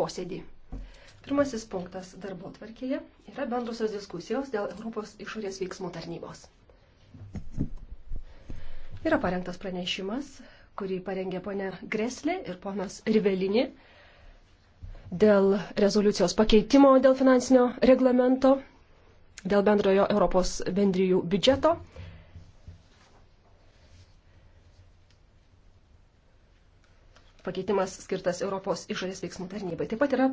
posėdį. Pirmasis punktas darbo tvarkėje yra bendrusios diskusijos dėl Europos išorės veiksmų tarnybos. Yra parengtas pranešimas, kurį parengė ponia Greslė ir ponas Rivelini dėl rezoliucijos pakeitimo dėl finansinio reglamento, dėl bendrojo Europos bendrijų biudžeto pakeitimas skirtas Europos išorės veiksmų tarnybai. Taip pat yra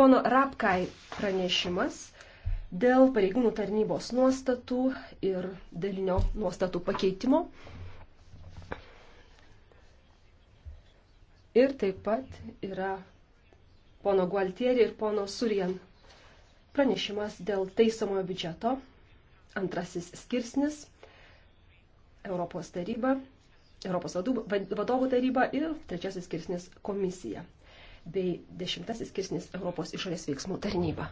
pono Rapkai pranešimas dėl pareigūnų tarnybos nuostatų ir dalinio nuostatų pakeitimo. Ir taip pat yra pono Gualtieri ir pono Surien pranešimas dėl teisamojo biudžeto, antrasis skirsnis, Europos taryba Europos vadovų taryba ir trečiasis skirsnis komisija bei dešimtasis skirsnis Europos išorės veiksmų tarnyba.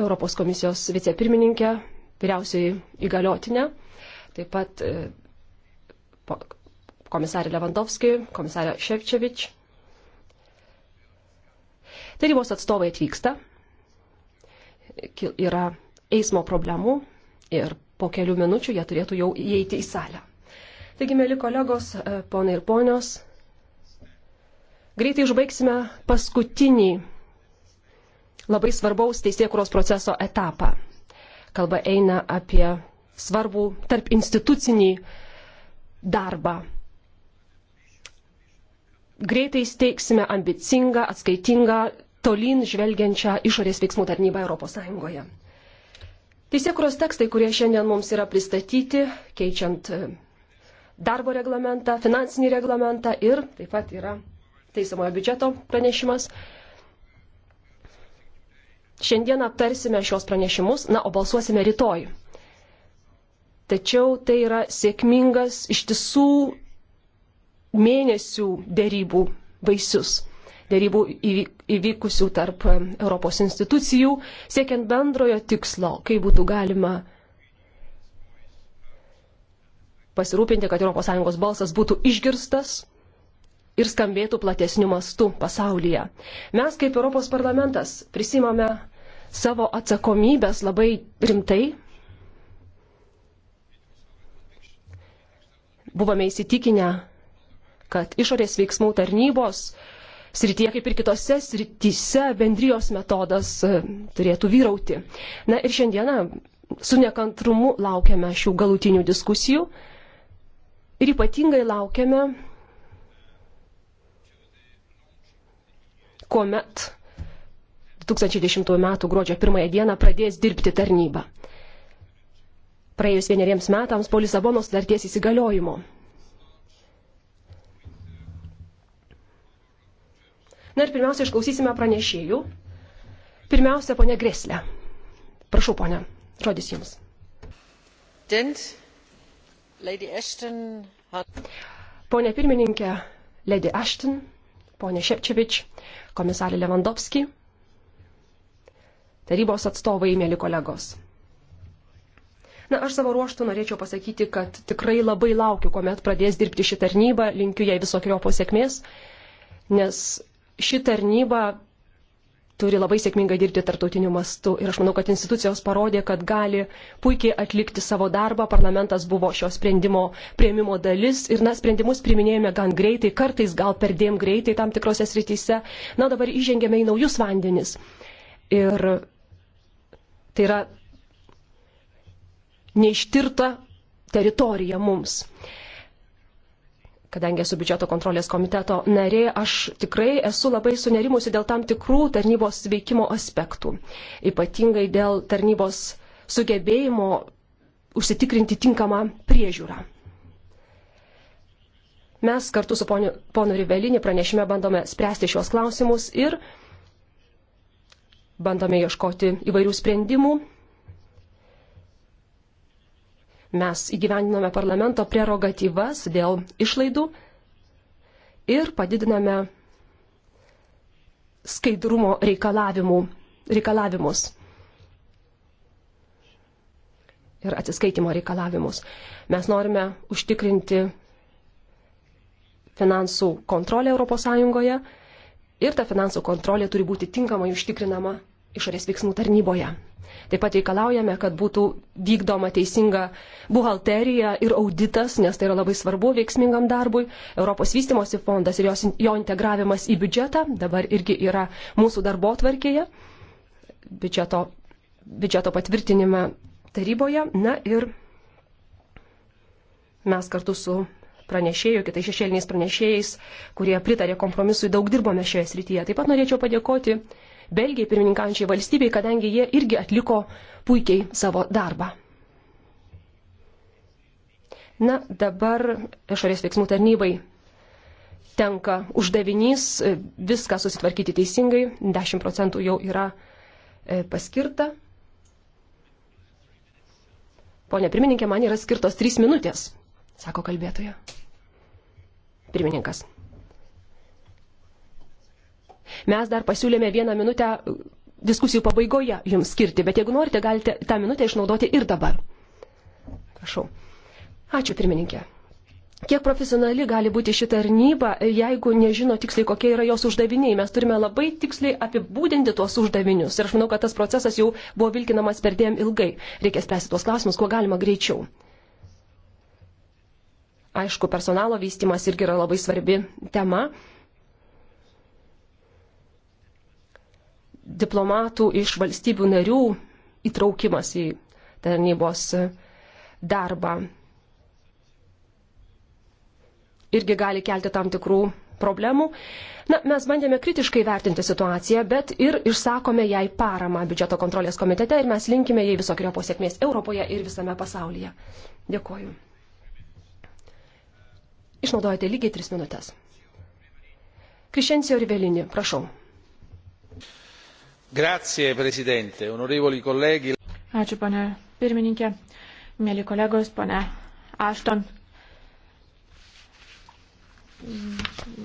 Europos komisijos vicepirmininkė, vyriausioji įgaliotinė, taip pat e, komisarė Levandovski, komisarė Ševčevič. Tarybos atstovai atvyksta, yra eismo problemų ir po kelių minučių jie turėtų jau įeiti į salę. Taigi, mėly kolegos, e, ponai ir ponios, greitai užbaigsime paskutinį labai svarbaus teisėkuros proceso etapą. Kalba eina apie svarbų tarp institucinį darbą. Greitai steigsime ambicingą, atskaitingą, tolyn žvelgiančią išorės veiksmų tarnybą ES. Teisėkuros tekstai, kurie šiandien mums yra pristatyti, keičiant e, darbo reglamentą, finansinį reglamentą ir taip pat yra teisamojo biudžeto pranešimas. Šiandien aptarsime šios pranešimus, na, o balsuosime rytoj. Tačiau tai yra sėkmingas iš tiesų mėnesių dėrybų vaisius dėrybų įvykusių tarp Europos institucijų, siekiant bendrojo tikslo, kaip būtų galima pasirūpinti, kad ES balsas būtų išgirstas ir skambėtų platesniu mastu pasaulyje. Mes kaip Europos parlamentas prisimame savo atsakomybės labai rimtai. Buvome įsitikinę, kad išorės veiksmų tarnybos srityje, kaip ir kitose srityse, bendrijos metodas e, turėtų vyrauti. Na ir šiandieną su nekantrumu laukiame šių galutinių diskusijų ir ypatingai laukiame, kuomet 2010 m. gruodžio 1 d. pradės dirbti tarnybą. Praėjus vieneriems metams po Lisabonos sutarties įsigaliojimo Na ir pirmiausia, išklausysime pranešėjų. Pirmiausia, ponia Greslė. Prašau, ponia, žodis jums. Pone pirmininkė, Lady Ashton, ponė Šepčevič, komisarė Lewandowski, tarybos atstovai, mėly kolegos. Na, aš savo ruoštų norėčiau pasakyti, kad tikrai labai laukiu, kuomet pradės dirbti ši tarnyba, linkiu jai visokiojo sėkmės, nes ši tarnyba turi labai sėkmingai dirbti tartautiniu mastu. Ir aš manau, kad institucijos parodė, kad gali puikiai atlikti savo darbą. Parlamentas buvo šio sprendimo prieimimo dalis ir, na, sprendimus priminėjome gan greitai, kartais gal perdėm greitai tam tikrose srityse. Na, dabar įžengėme į naujus vandenis. Ir tai yra neištirta teritorija mums. Uh, kadangi esu biudžeto kontrolės komiteto narė, aš tikrai esu labai sunerimusi dėl tam tikrų tarnybos veikimo aspektų, ypatingai dėl tarnybos sugebėjimo užsitikrinti tinkamą priežiūrą. Mes kartu su ponu, ponu Rivelinį pranešime bandome spręsti šios klausimus ir bandome ieškoti įvairių sprendimų, Mes įgyvendiname parlamento prerogatyvas dėl išlaidų ir padidiname skaidrumo reikalavimus ir atsiskaitimo reikalavimus. Mes norime užtikrinti finansų kontrolę ES ir ta finansų kontrolė turi būti tinkamai užtikrinama išorės veiksmų tarnyboje. Taip pat reikalaujame, kad būtų vykdoma teisinga buhalterija ir auditas, nes tai yra labai svarbu veiksmingam darbui. Europos vystimosi fondas ir jos, jo integravimas į biudžetą dabar irgi yra mūsų darbo tvarkėje, biudžeto, biudžeto patvirtinime taryboje. Na ir mes kartu su pranešėjų, kitais šešėliniais pranešėjais, kurie pritarė kompromisui, daug dirbome šioje srityje. Taip pat norėčiau padėkoti uh, Belgijai pirmininkančiai valstybei, kadangi jie irgi atliko puikiai savo darbą. Na, dabar išorės veiksmų tarnybai tenka uždavinys viską susitvarkyti teisingai, 10 procentų jau yra e, paskirta. Pone pirmininkė, man yra skirtos 3 minutės, sako kalbėtoja. Pirmininkas. Mes dar pasiūlėme vieną minutę uh, diskusijų pabaigoje jums skirti, bet jeigu norite, galite tą minutę išnaudoti ir dabar. Prašau. Ačiū, pirmininkė. Kiek profesionali gali būti ši tarnyba, jeigu nežino tiksliai, kokie yra jos uždaviniai. Mes turime labai tiksliai apibūdinti tuos uždavinius. Ir aš manau, kad tas procesas jau buvo vilkinamas per dėm ilgai. Reikia spręsti tuos klausimus, kuo galima greičiau. Aišku, personalo vystimas irgi yra labai svarbi tema. diplomatų iš valstybių narių įtraukimas į tarnybos darbą irgi gali kelti tam tikrų problemų. Na, mes bandėme kritiškai vertinti situaciją, bet ir išsakome jai paramą biudžeto kontrolės komitete ir mes linkime jai visokio pasiekmės Europoje ir visame pasaulyje. Dėkoju. Išnaudojate lygiai tris minutės. Krišencijo Rivelini, prašau. Grazie, prezidente, onorevoli kolegi. Ačiū, ponė pirmininkė, mėly kolegos, ponė Ašton.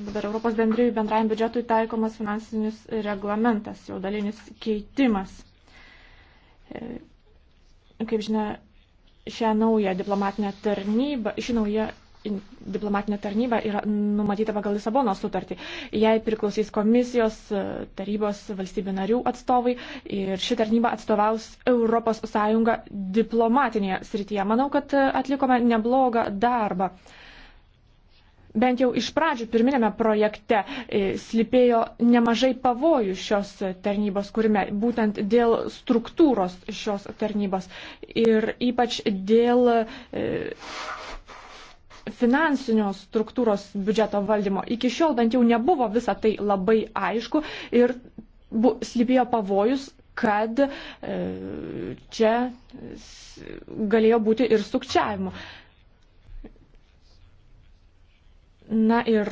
Dabar Europos bendrijų bendrajam biudžetui taikomas finansinis reglamentas, jau dalinis keitimas. E, kaip žinia, šią naują diplomatinę tarnybą, šį naują diplomatinė tarnyba yra numatyta pagal Lisabono sutartį. Jai priklausys komisijos, tarybos, valstybių narių atstovai ir ši tarnyba atstovaus ES diplomatinėje srityje. Manau, kad atlikome neblogą darbą. Bent jau iš pradžių pirminėme projekte e, slipėjo nemažai pavojų šios tarnybos, kurime būtent dėl struktūros šios tarnybos ir ypač dėl e, finansinio struktūros biudžeto valdymo. Iki šiol bent jau nebuvo visa tai labai aišku ir bu, slypėjo pavojus, kad e, čia galėjo būti ir sukčiavimų. Na ir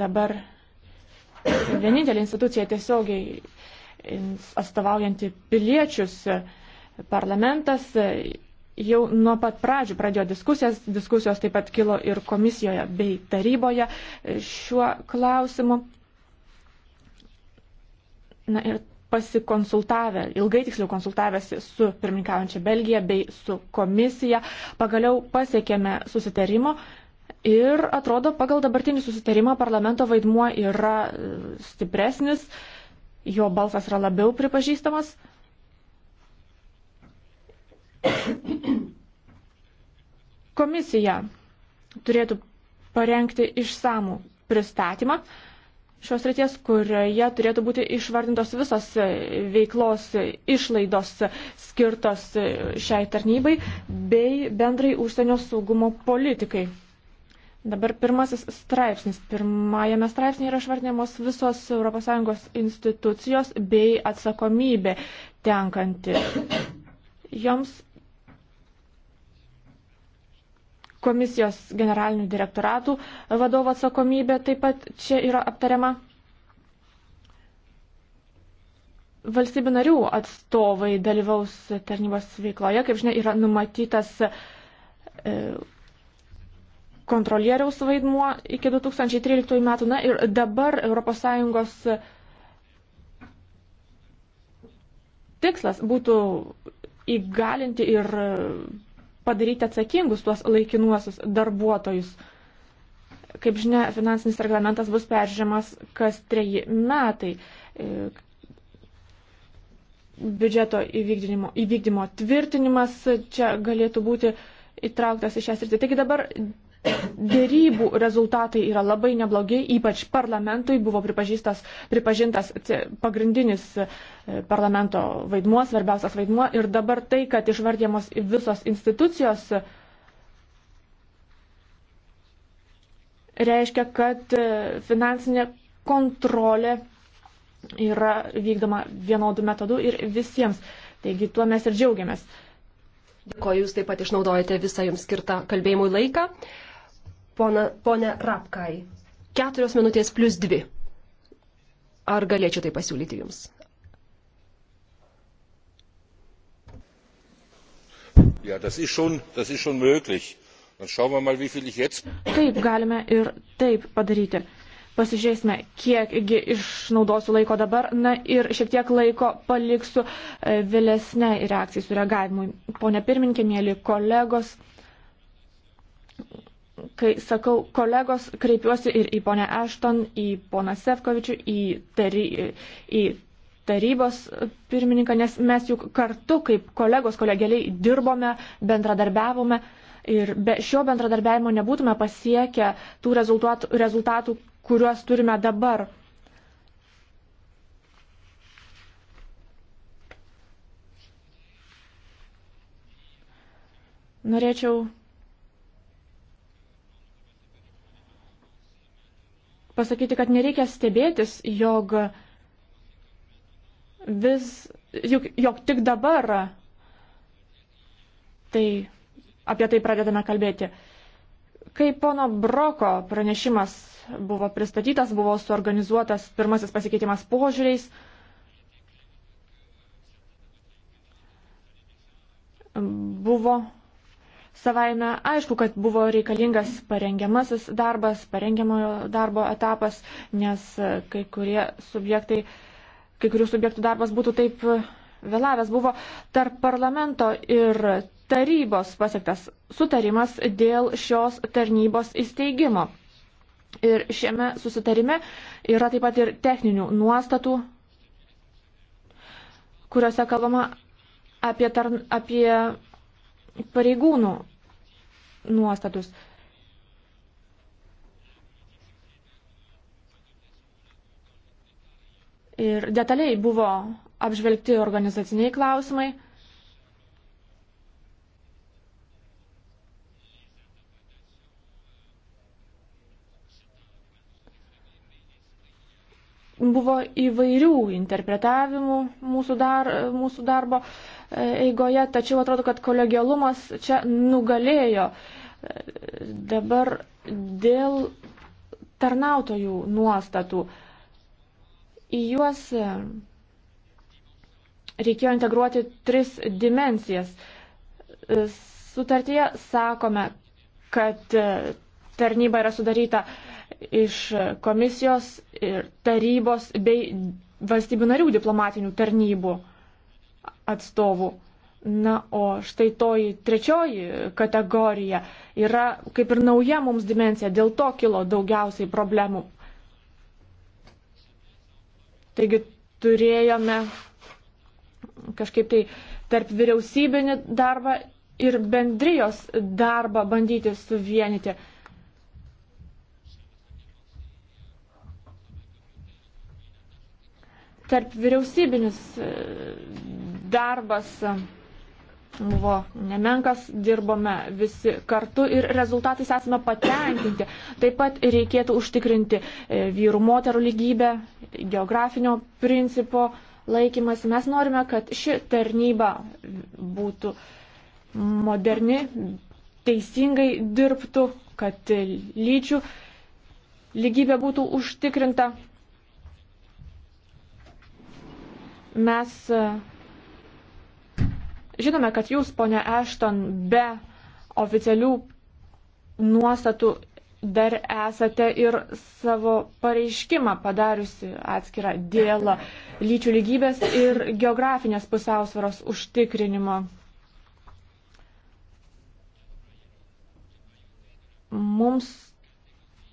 dabar vienintelė institucija tiesiogiai atstovaujanti piliečius, parlamentas jau nuo pat pradžių pradėjo diskusijas, diskusijos taip pat kilo ir komisijoje bei taryboje šiuo klausimu. Na ir pasikonsultavę, ilgai tiksliau konsultavęsi su pirmininkaujančia Belgija bei su komisija, pagaliau pasiekėme susitarimo ir atrodo, pagal dabartinį susitarimą parlamento vaidmuo yra stipresnis, jo balsas yra labiau pripažįstamas, Komisija turėtų parengti išsamų pristatymą šios ryties, kurioje turėtų būti išvardintos visos veiklos išlaidos skirtos šiai tarnybai bei bendrai užsienio saugumo politikai. Dabar pirmasis straipsnis. Pirmajame straipsnėje yra išvardinamos visos ES institucijos bei atsakomybė tenkanti joms komisijos generalinių direktoratų vadovo atsakomybė taip pat čia yra aptariama. Valstybių narių atstovai dalyvaus tarnybos veikloje, kaip žinia, yra numatytas e, kontrolieriaus vaidmuo iki 2013 metų. Na ir dabar ES tikslas būtų įgalinti ir padaryti atsakingus tuos laikinuosius darbuotojus. Kaip žinia, finansinis reglamentas bus peržiūrimas kas treji metai. E, biudžeto įvykdymo, įvykdymo tvirtinimas čia galėtų būti įtrauktas į šią sritį. Taigi dabar Dėrybų rezultatai yra labai neblogi, ypač parlamentui buvo pripažintas pagrindinis e, parlamento vaidmuo, svarbiausias vaidmuo ir dabar tai, kad išvardėmos visos institucijos, reiškia, kad e, finansinė kontrolė yra vykdoma vienodų metodų ir visiems. Taigi tuo mes ir džiaugiamės. Dėkoju, jūs taip pat išnaudojate visą jums skirtą kalbėjimui laiką. Pona, ponia Rapkai, keturios minutės plus dvi. Ar galėčiau tai pasiūlyti jums? Ja, das ist schon, das ist schon möglich. Dann schauen wir mal, wie viel ich jetzt. Taip, galime ir taip padaryti. Pasižiūrėsime, kiekgi išnaudosiu laiko dabar. Na ir šiek tiek laiko paliksiu e, vėlesnei reakcijai, sureagavimui. Pone pirmininkė, mėly kolegos, kai sakau kolegos, kreipiuosi ir į ponę Ešton, į poną Sefkovičių, į, tary, į tarybos pirmininką, nes mes juk kartu kaip kolegos kolegeliai dirbome, bendradarbiavome ir be šio bendradarbiavimo nebūtume pasiekę tų rezultatų, rezultatų kuriuos turime dabar. Norėčiau pasakyti, kad nereikia stebėtis, jog, vis, jog, jog tik dabar tai apie tai pradedame kalbėti. Kai pono Broko pranešimas buvo pristatytas, buvo suorganizuotas pirmasis pasikeitimas požiūriais, buvo Savaime aišku, kad buvo reikalingas parengiamasis darbas, parengiamojo darbo etapas, nes kai, subjektai, kai kurių subjektų darbas būtų taip vėlavęs. Buvo tarp parlamento ir tarybos pasiektas sutarimas dėl šios tarnybos įsteigimo. Ir šiame susitarime yra taip pat ir techninių nuostatų, kuriuose kalbama apie, tarn, apie pareigūnų nuostatus. Ir detaliai buvo apžvelgti organizaciniai klausimai. Buvo įvairių interpretavimų mūsų, dar, mūsų darbo e, eigoje, tačiau atrodo, kad kolegialumas čia nugalėjo. E, dabar dėl tarnautojų nuostatų. Į juos e, reikėjo integruoti tris dimensijas. Sutartyje sakome, kad tarnyba yra sudaryta iš komisijos ir tarybos bei valstybių narių diplomatinių tarnybų atstovų. Na, o štai toji trečioji kategorija yra kaip ir nauja mums dimensija, dėl to kilo daugiausiai problemų. Taigi turėjome kažkaip tai tarp vyriausybinį darbą ir bendrijos darbą bandyti suvienyti. tarp vyriausybinis e, darbas e, buvo nemenkas, dirbome visi kartu ir rezultatais esame patenkinti. Taip pat reikėtų užtikrinti e, vyrų moterų lygybę, geografinio principo laikymas. Mes norime, kad ši tarnyba būtų moderni, teisingai dirbtų, kad lyčių lygybė būtų užtikrinta Mes e, žinome, kad jūs, ponia Ešton, be oficialių nuostatų dar esate ir savo pareiškimą padariusi atskirą dėl lyčių lygybės ir geografinės pusiausvaros užtikrinimo. Mums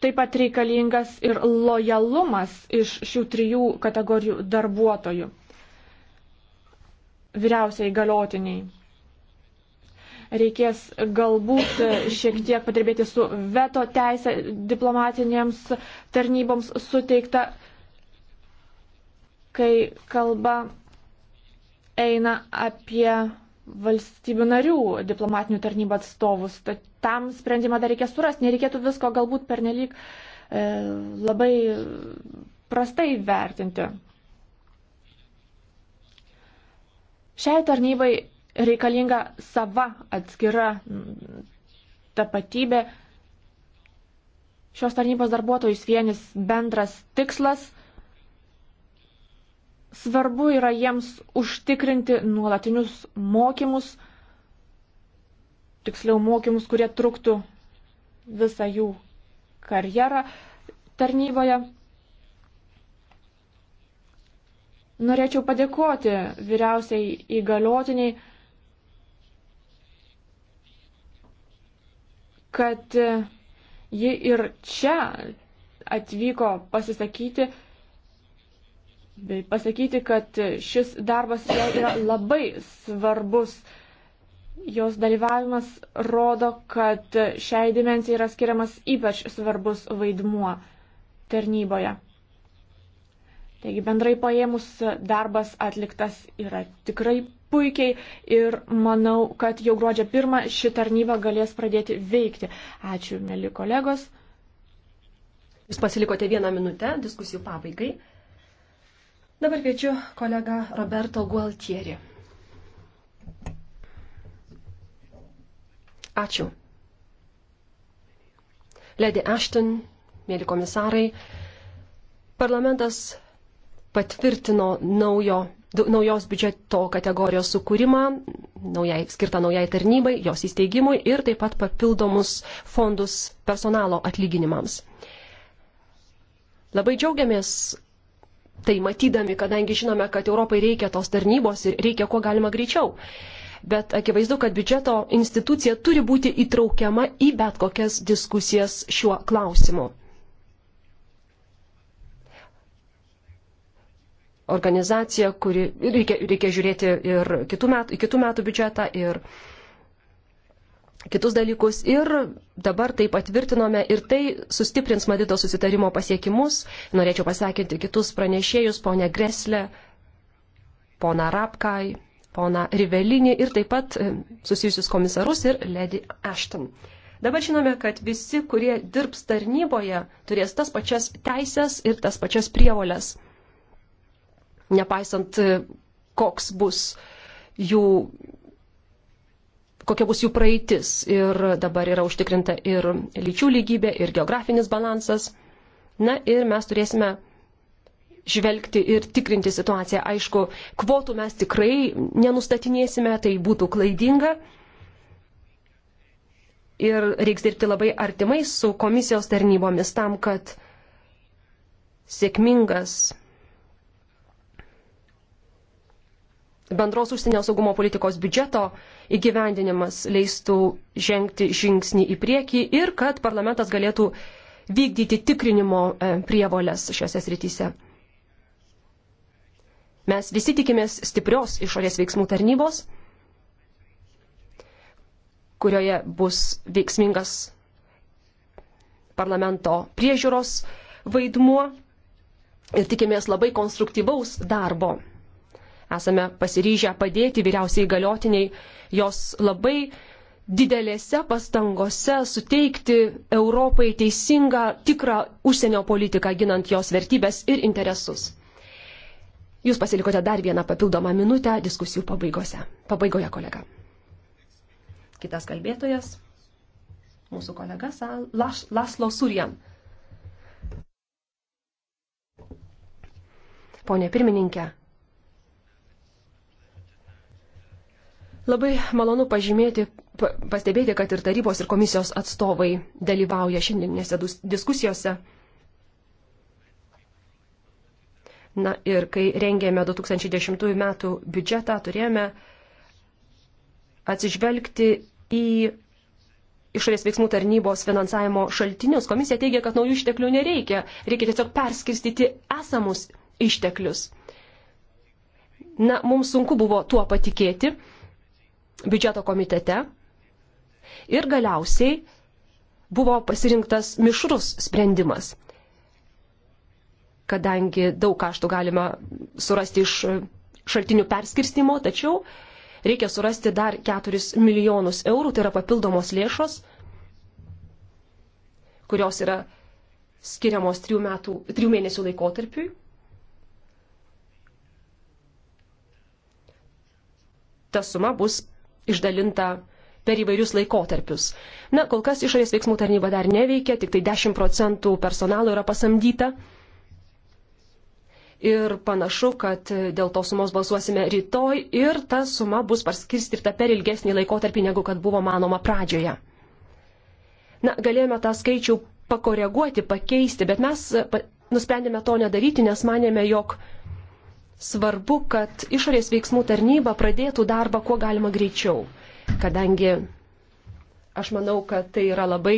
taip pat reikalingas ir lojalumas iš šių trijų kategorijų darbuotojų vyriausiai galiotiniai. Reikės galbūt šiek tiek padirbėti su veto teisė diplomatinėms tarnyboms suteikta, kai kalba eina apie valstybių narių diplomatinių tarnybų atstovus. Tad tam sprendimą dar reikės surasti. Nereikėtų visko galbūt pernelyg e, labai prastai vertinti. Šiai tarnybai reikalinga sava atskira tapatybė. Šios tarnybos darbuotojus vienis bendras tikslas. Svarbu yra jiems užtikrinti nuolatinius mokymus, tiksliau mokymus, kurie truktų visą jų karjerą tarnyboje. Norėčiau padėkoti vyriausiai įgaliotiniai, kad ji ir čia atvyko pasisakyti bei pasakyti, kad šis darbas jai yra labai svarbus. Jos dalyvavimas rodo, kad šiai dimensijai yra skiriamas ypač svarbus vaidmuo tarnyboje. Taigi bendrai paėmus darbas atliktas yra tikrai puikiai ir manau, kad jau gruodžio pirmą ši tarnyba galės pradėti veikti. Ačiū, mėly kolegos. Jūs pasilikote vieną minutę diskusijų pabaigai. Dabar kviečiu kolegą Roberto Gualtieri. Ačiū. Lady Ashton, mėly komisarai, parlamentas patvirtino naujo, naujos biudžeto kategorijos sukūrimą, naujai, skirtą naujai tarnybai, jos įsteigimui ir taip pat papildomus fondus personalo atlyginimams. Labai džiaugiamės tai matydami, kadangi žinome, kad Europai reikia tos tarnybos ir reikia kuo galima greičiau. Bet akivaizdu, kad biudžeto institucija turi būti įtraukiama į bet kokias diskusijas šiuo klausimu. organizacija, kuri reikia, reikia žiūrėti ir kitų metų, kitų metų biudžetą ir kitus dalykus. Ir dabar tai patvirtinome ir tai sustiprins Madito susitarimo pasiekimus. Norėčiau pasakinti kitus pranešėjus, ponę Greslę, poną Rapkai, poną Rivelinį ir taip pat e, susijusius komisarus ir Lady Ashton. Dabar žinome, kad visi, kurie dirbs tarnyboje, turės tas pačias teisės ir tas pačias prievolės nepaisant e, koks bus jų, kokia bus jų praeitis. Ir dabar yra užtikrinta ir lyčių lygybė, ir geografinis balansas. Na ir mes turėsime žvelgti ir tikrinti situaciją. Aišku, kvotų mes tikrai nenustatinėsime, tai būtų klaidinga. Ir reiks dirbti labai artimai su komisijos tarnybomis tam, kad sėkmingas bendros užsienio saugumo politikos biudžeto įgyvendinimas leistų žengti žingsnį į priekį ir kad parlamentas galėtų vykdyti tikrinimo e, prievolės šiuose srityse. Mes visi tikimės stiprios išorės veiksmų tarnybos, kurioje bus veiksmingas parlamento priežiūros vaidmuo ir tikimės labai konstruktyvaus darbo Esame pasiryžę padėti vyriausiai galiotiniai jos labai didelėse pastangose suteikti Europai teisingą, tikrą užsienio politiką, ginant jos vertybės ir interesus. Jūs pasilikote dar vieną papildomą minutę diskusijų pabaigose. Pabaigoje, kolega. Kitas kalbėtojas, mūsų kolega Las, Laslo Surjan. Pone pirmininkė, Labai malonu pažymėti, pastebėti, kad ir tarybos ir komisijos atstovai dalyvauja šiandieninėse diskusijose. Na ir kai rengėme 2010 m. biudžetą, turėjome atsižvelgti į išorės veiksmų tarnybos finansavimo šaltinius. Komisija teigia, kad naujų išteklių nereikia, reikia tiesiog perskirstyti esamus išteklius. Na, mums sunku buvo tuo patikėti biudžeto komitete. Ir galiausiai buvo pasirinktas mišrus sprendimas, kadangi daug kaštų galima surasti iš šaltinių perskirstimo, tačiau reikia surasti dar 4 milijonus eurų, tai yra papildomos lėšos, kurios yra skiriamos 3, metų, 3 mėnesių laikotarpiui. Ta suma bus išdalinta per įvairius laikotarpius. Na, kol kas išorės veiksmų tarnyba dar neveikia, tik tai 10 procentų personalo yra pasamdyta. Ir panašu, kad dėl to sumos balsuosime rytoj ir ta suma bus paskirstyta per ilgesnį laikotarpį, negu kad buvo manoma pradžioje. Na, galėjome tą skaičių pakoreguoti, pakeisti, bet mes nusprendėme to nedaryti, nes manėme, jog svarbu, kad išorės veiksmų tarnyba pradėtų darbą kuo galima greičiau, kadangi aš manau, kad tai yra labai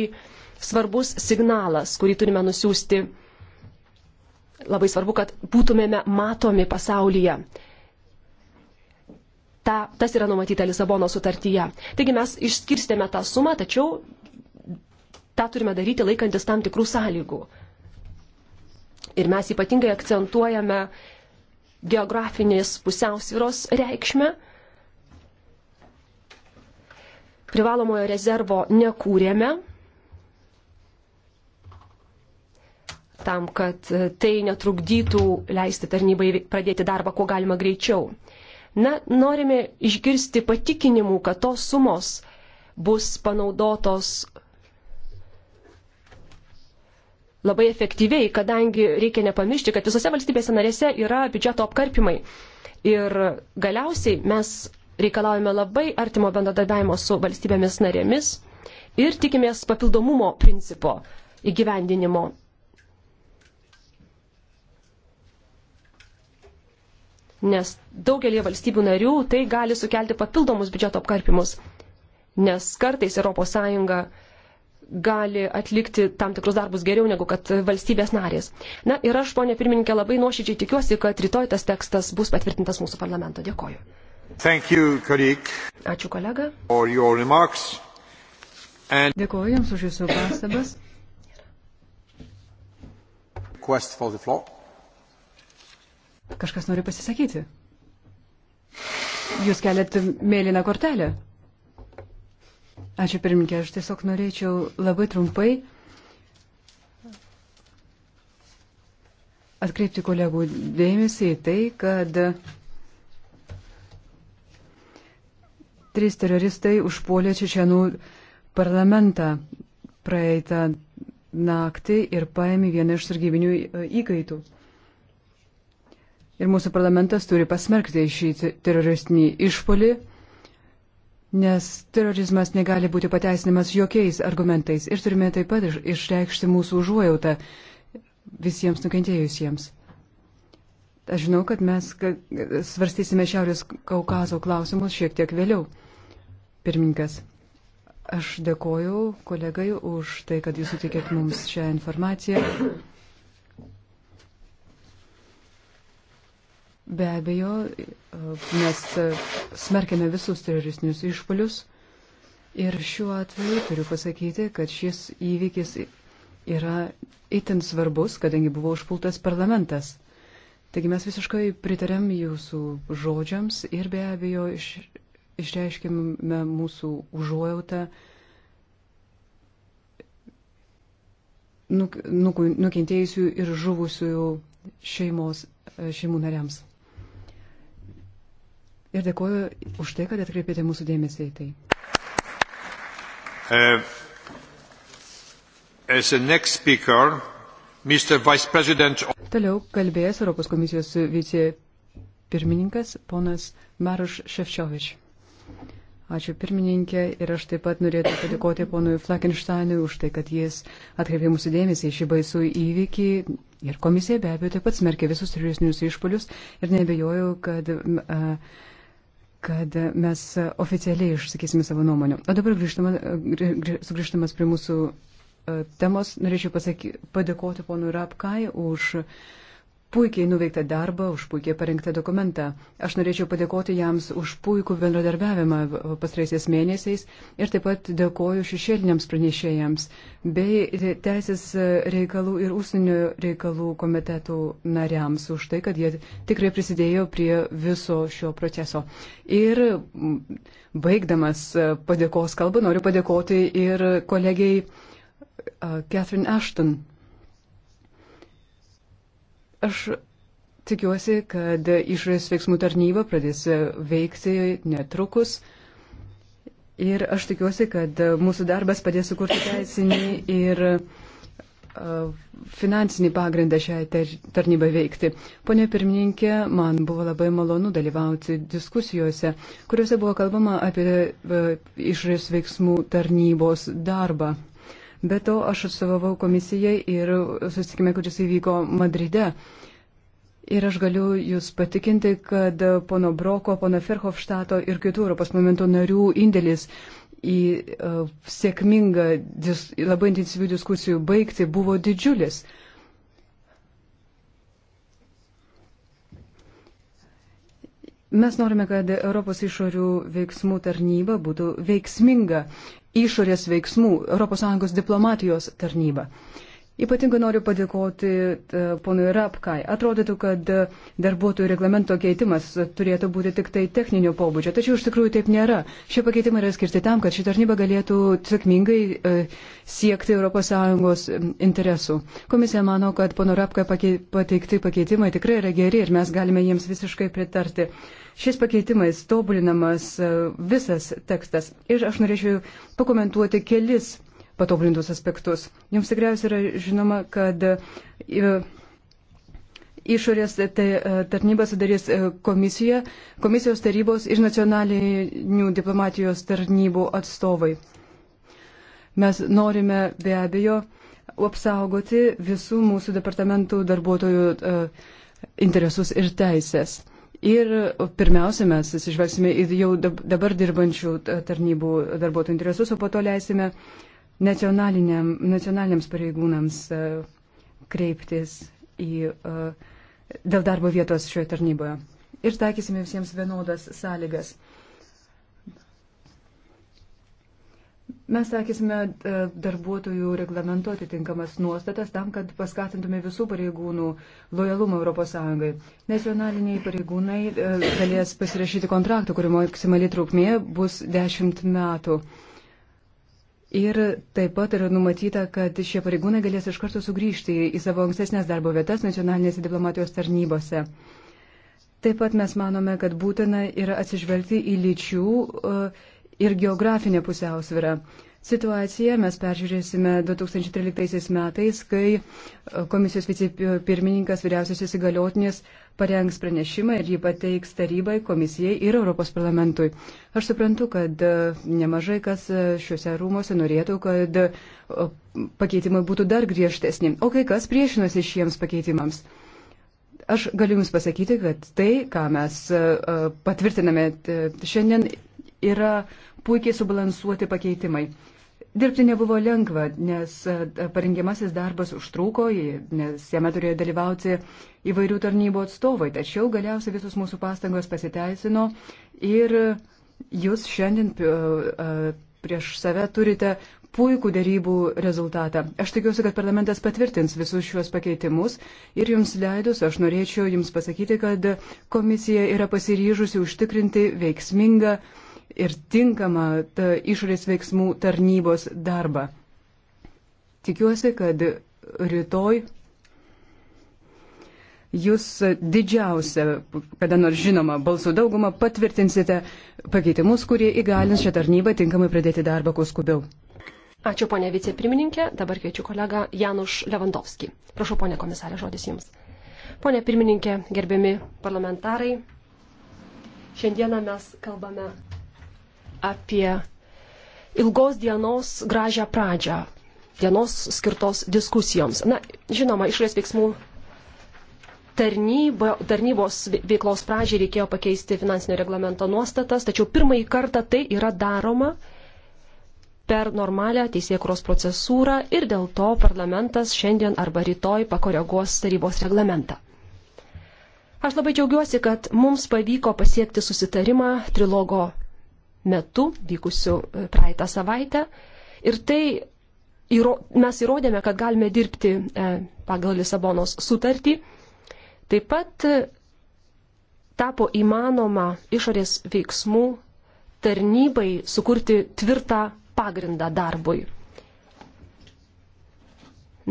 svarbus signalas, kurį turime nusiųsti. Labai svarbu, kad būtumėme matomi pasaulyje. Ta, tas yra numatyta Lisabono sutartyje. Taigi mes išskirstėme tą sumą, tačiau tą turime daryti laikantis tam tikrų sąlygų. Ir mes ypatingai akcentuojame geografinės pusiausvyros reikšmę. Privalomojo rezervo nekūrėme tam, kad tai netrukdytų leisti tarnybai pradėti darbą kuo galima greičiau. Na, norime išgirsti patikinimų, kad tos sumos bus panaudotos labai efektyviai, kadangi reikia nepamiršti, kad visose valstybėse narėse yra biudžeto apkarpimai. Ir galiausiai mes reikalaujame labai artimo bendradarbiavimo su valstybėmis narėmis ir tikimės papildomumo principo įgyvendinimo. Nes daugelį valstybių narių tai gali sukelti papildomus biudžeto apkarpimus, nes kartais ES gali atlikti tam tikrus darbus geriau negu kad valstybės narės. Na ir aš, ponė pirmininkė, labai nuoširdžiai tikiuosi, kad rytoj tas tekstas bus patvirtintas mūsų parlamento. Dėkoju. Thank you, colleague. Ačiū kolega. And... Dėkoju Jums už Jūsų pastabas. Kažkas nori pasisakyti. Jūs keliat mėlyną kortelę. Ačiū pirmininkė, aš tiesiog norėčiau labai trumpai atkreipti kolegų dėmesį į tai, kad trys teroristai užpuolė Čečenų parlamentą praeitą naktį ir paėmė vieną iš sargybinių įkaitų. Ir mūsų parlamentas turi pasmerkti šį teroristinį išpolį nes terorizmas negali būti pateisinamas jokiais argumentais ir turime taip pat išreikšti mūsų užuojautą visiems nukentėjusiems. Aš žinau, kad mes svarstysime Šiaurės Kaukazo klausimus šiek tiek vėliau. Pirmininkas, aš dėkoju kolegai už tai, kad jūs sutikėt mums šią informaciją. Be abejo, mes smerkėme visus teroristinius išpolius ir šiuo atveju turiu pasakyti, kad šis įvykis yra itin svarbus, kadangi buvo užpultas parlamentas. Taigi mes visiškai pritarėm jūsų žodžiams ir be abejo iš, išreiškime mūsų užuojautą nuk, nuk, nukentėjusių ir žuvusių šeimos, šeimų nariams ir dėkuoju už tai, kad atkreipėte mūsų dėmesį į tai. Uh, speaker, President... Toliau kalbės Europos komisijos vicepirmininkas ponas Maruš Ševčiovič. Ačiū pirmininkė ir aš taip pat norėčiau padėkoti ponui Flakensteinui už tai, kad jis atkreipė mūsų dėmesį į šį baisų įvykį. Ir komisija be abejo taip pat smerkė visus teroristinius išpolius ir nebejoju, kad. Uh, kad mes oficialiai išsakysime savo nuomonę. O dabar grįžtama, sugrįžtamas prie mūsų e, temos, norėčiau pasaky, padėkoti ponui Rapkai už uh, puikiai nuveiktą darbą, už puikiai parengtą dokumentą. Aš norėčiau padėkoti jiems už puikų bendradarbiavimą pastraisiais mėnesiais ir taip pat dėkoju šešėliniams pranešėjams bei Teisės reikalų ir ūsinių reikalų komitetų nariams už tai, kad jie tikrai prisidėjo prie viso šio proceso. Ir baigdamas padėkos kalbą noriu padėkoti ir kolegiai Catherine Ashton Aš tikiuosi, kad išorės veiksmų tarnyba pradės veikti netrukus. Ir aš tikiuosi, kad mūsų darbas padės sukurti teisinį ir finansinį pagrindą šiai tarnybai veikti. Pone pirmininkė, man buvo labai malonu dalyvauti diskusijose, kuriuose buvo kalbama apie išorės veiksmų tarnybos darbą. Be to, aš atstovavau komisijai ir susitikime, kuris įvyko Madride. Ir aš galiu Jūs patikinti, kad pono Broko, pono Ferhofštato ir kitų Europos momento narių indėlis į uh, sėkmingą, dis, labai intensyvių diskusijų baigti buvo didžiulis. Mes norime, kad Europos išorių veiksmų tarnyba būtų veiksminga išorės veiksmų ES diplomatijos tarnybą. Ypatingai noriu padėkoti e, ponui Rapkai. Atrodytų, kad darbuotojų reglamento keitimas turėtų būti tik tai techninio pobūdžio, tačiau iš tikrųjų taip nėra. Šie pakeitimai yra skirti tam, kad ši tarnyba galėtų sėkmingai e, siekti ES interesų. Komisija mano, kad pono Rapkai pakei, pateikti pakeitimai tikrai yra geri ir mes galime jiems visiškai pritarti. Šiais pakeitimais tobulinamas e, visas tekstas ir aš norėčiau pakomentuoti kelis patobulintus aspektus. Jums tikriausiai yra žinoma, kad e, išorės e, tarnybą sudarys e, komisija, komisijos tarybos ir nacionalinių diplomatijos tarnybų atstovai. Mes norime be abejo apsaugoti visų mūsų departamentų darbuotojų interesus ir teisės. Ir pirmiausia, mes atsižvelgsime į jau dabar dirbančių tarnybų darbuotojų interesus, o po to leisime uh, nacionaliniam, nacionaliniams pareigūnams e, kreiptis į, e, dėl darbo vietos šioje tarnyboje. Ir taikysime visiems vienodas sąlygas. Mes sakysime e, darbuotojų reglamentuoti tinkamas nuostatas tam, kad paskatintume visų pareigūnų lojalumą ES. Nacionaliniai pareigūnai galės pasirašyti kontraktą, kurio maksimali trukmė bus 10 metų. Ir taip pat yra numatyta, kad šie pareigūnai galės iš karto sugrįžti į savo ankstesnės darbo vietas nacionalinėse diplomatijos tarnybose. Taip pat mes manome, kad būtina yra atsižvelgti į lyčių e, ir geografinę pusiausvyrą situaciją mes peržiūrėsime 2013 metais, kai e, komisijos vicepirmininkas vyriausiasis įgaliotinės parengs pranešimą ir jį pateiks tarybai, komisijai ir Europos parlamentui. Aš suprantu, kad e, nemažai kas e, šiuose rūmose norėtų, kad pakeitimai būtų dar griežtesni, o kai kas priešinosi šiems pakeitimams. Aš galiu Jums pasakyti, kad tai, ką mes patvirtiname šiandien, yra puikiai subalansuoti pakeitimai. Dirbti nebuvo lengva, nes e, parengiamasis darbas užtruko, nes jame turėjo dalyvauti įvairių tarnybų atstovai, tačiau galiausiai visos mūsų pastangos pasiteisino ir jūs šiandien e, e, prieš save turite puikų dėrybų rezultatą. Aš tikiuosi, kad parlamentas patvirtins visus šiuos pakeitimus ir jums leidus, aš norėčiau jums pasakyti, kad komisija yra pasiryžusi užtikrinti veiksmingą ir tinkamą išorės veiksmų tarnybos darbą. Tikiuosi, kad rytoj jūs didžiausią, kada nors žinoma, balsų daugumą patvirtinsite pakeitimus, kurie įgalins šią tarnybą tinkamai pradėti darbą kuo skubiau. Ačiū, ponė vicepirmininkė. Dabar kviečiu kolegą Januš Levandovskį. Prašau, ponė komisarė, žodis jums. Pone pirmininkė, gerbiami parlamentarai, šiandieną mes kalbame apie ilgos dienos gražią pradžią, dienos skirtos diskusijoms. Na, žinoma, išorės veiksmų tarnybo, tarnybos veiklos pradžiai reikėjo pakeisti finansinio reglamento nuostatas, tačiau pirmąjį kartą tai yra daroma per normalią teisėkuros procesūrą ir dėl to parlamentas šiandien arba rytoj pakoreguos tarybos reglamentą. Aš labai džiaugiuosi, kad mums pavyko pasiekti susitarimą trilogo metu, vykusiu e, praeitą savaitę. Ir tai įro, mes įrodėme, kad galime dirbti e, pagal Lisabonos sutartį. Taip pat e, tapo įmanoma išorės veiksmų tarnybai sukurti tvirtą pagrindą darbui.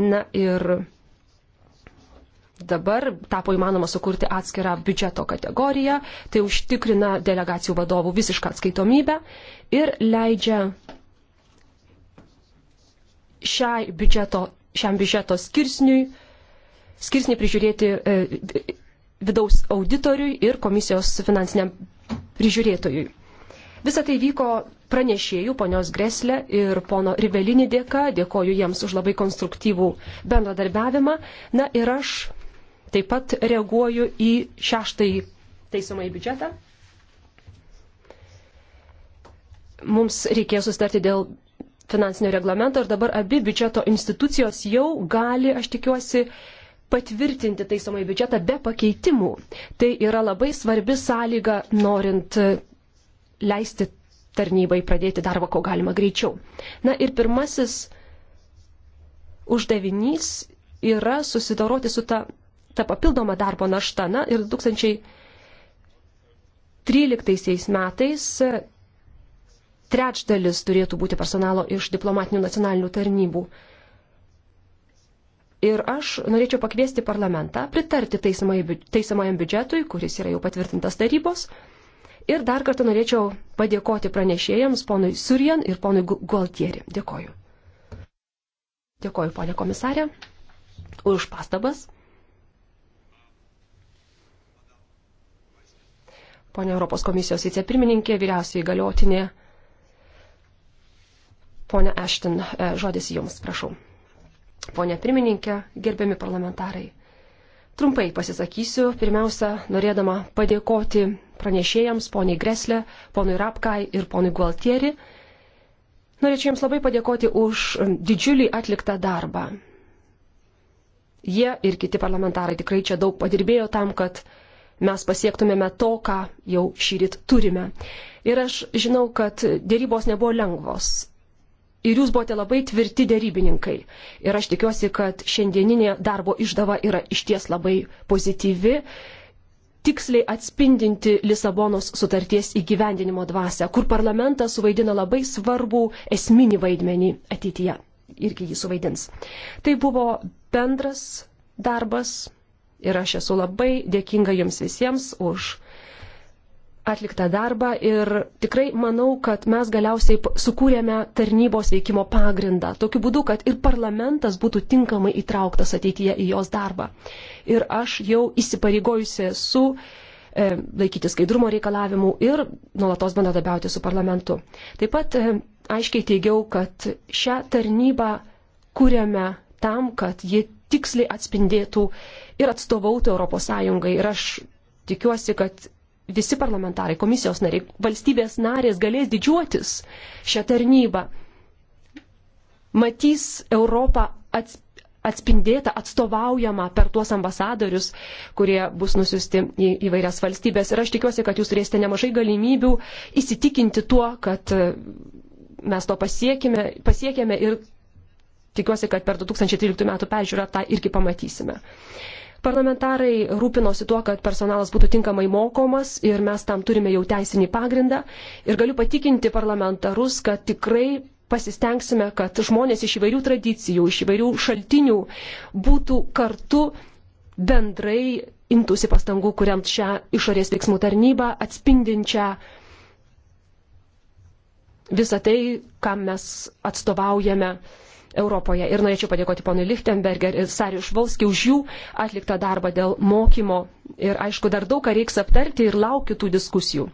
Na ir dabar tapo įmanoma sukurti atskirą biudžeto kategoriją, tai užtikrina delegacijų vadovų visišką atskaitomybę ir leidžia šiai biudžeto, šiam biudžeto skirsniui, skirsnį prižiūrėti e, vidaus auditoriui ir komisijos finansiniam prižiūrėtojui. Visą tai vyko pranešėjų ponios Greslė ir pono Rivelinį dėka, dėkoju jiems už labai konstruktyvų bendradarbiavimą. Na ir aš Taip pat reaguoju į šeštąjį teisomąjį biudžetą. Mums reikėjo sustarti dėl finansinio reglamento ir dabar abi biudžeto institucijos jau gali, aš tikiuosi, patvirtinti taisomąjį biudžetą be pakeitimų. Tai yra labai svarbi sąlyga, norint leisti tarnybai pradėti darbą, ko galima greičiau. Na ir pirmasis uždavinys yra susidoroti su ta ta papildoma darbo našta. Na ir 2013 metais e, trečdalis turėtų būti personalo iš diplomatinių nacionalinių tarnybų. Ir aš norėčiau pakviesti parlamentą pritarti teisamajam biudžetui, kuris yra jau patvirtintas tarybos. Ir dar kartą norėčiau padėkoti pranešėjams, ponui Surien ir ponui Gualtieri. Dėkoju. Dėkoju, ponė komisarė, už pastabas. ponė Europos komisijos vicepirmininkė, vyriausiai galiotinė. Pone Ešten, e, žodis jums, prašau. Pone pirmininkė, gerbiami parlamentarai. Trumpai pasisakysiu, pirmiausia, norėdama padėkoti pranešėjams, poniai Greslė, ponui Rapkai ir ponui Gualtieri. Norėčiau Jums labai padėkoti už didžiulį atliktą darbą. Jie ir kiti parlamentarai tikrai čia daug padirbėjo tam, kad mes pasiektumėme to, ką jau šyrit turime. Ir aš žinau, kad dėrybos nebuvo lengvos. Ir jūs buvote labai tvirti dėrybininkai. Ir aš tikiuosi, kad šiandieninė darbo išdava yra išties labai pozityvi, tiksliai atspindinti Lisabonos sutarties įgyvendinimo dvasę, kur parlamentas suvaidina labai svarbų esminį vaidmenį ateityje. Irgi jį suvaidins. Tai buvo bendras darbas, Ir aš esu labai dėkinga jums visiems už atliktą darbą ir tikrai manau, kad mes galiausiai sukūrėme tarnybos veikimo pagrindą. Tokiu būdu, kad ir parlamentas būtų tinkamai įtrauktas ateityje į jos darbą. Ir aš jau įsipareigojusi su e, laikyti skaidrumo reikalavimų ir nuolatos bendradabiauti su parlamentu. Taip pat e, aiškiai teigiau, kad šią tarnybą kūrėme tam, kad ji tiksliai atspindėtų ir atstovautų ES. Ir aš tikiuosi, kad visi parlamentarai, komisijos nariai, valstybės narės galės didžiuotis šią tarnybą. Matys Europą atspindėta, atstovaujama per tuos ambasadorius, kurie bus nusiusti į įvairias valstybės. Ir aš tikiuosi, kad jūs turėsite nemažai galimybių įsitikinti tuo, kad e, mes to pasiekime, pasiekėme ir tikiuosi, kad per 2013 metų peržiūrą tą irgi pamatysime. Parlamentarai rūpinosi tuo, kad personalas būtų tinkamai mokomas ir mes tam turime jau teisinį pagrindą. Ir galiu patikinti parlamentarus, kad tikrai pasistengsime, kad žmonės iš įvairių tradicijų, iš įvairių šaltinių būtų kartu bendrai imtųsi pastangų, kuriant šią išorės veiksmų tarnybą, atspindinčią visą tai, kam mes atstovaujame Europoje. Ir norėčiau padėkoti ponui Lichtenberger ir Sariu Švalski už jų atliktą darbą dėl mokymo. Ir aišku, dar daug ką reiks aptarti ir laukiu tų diskusijų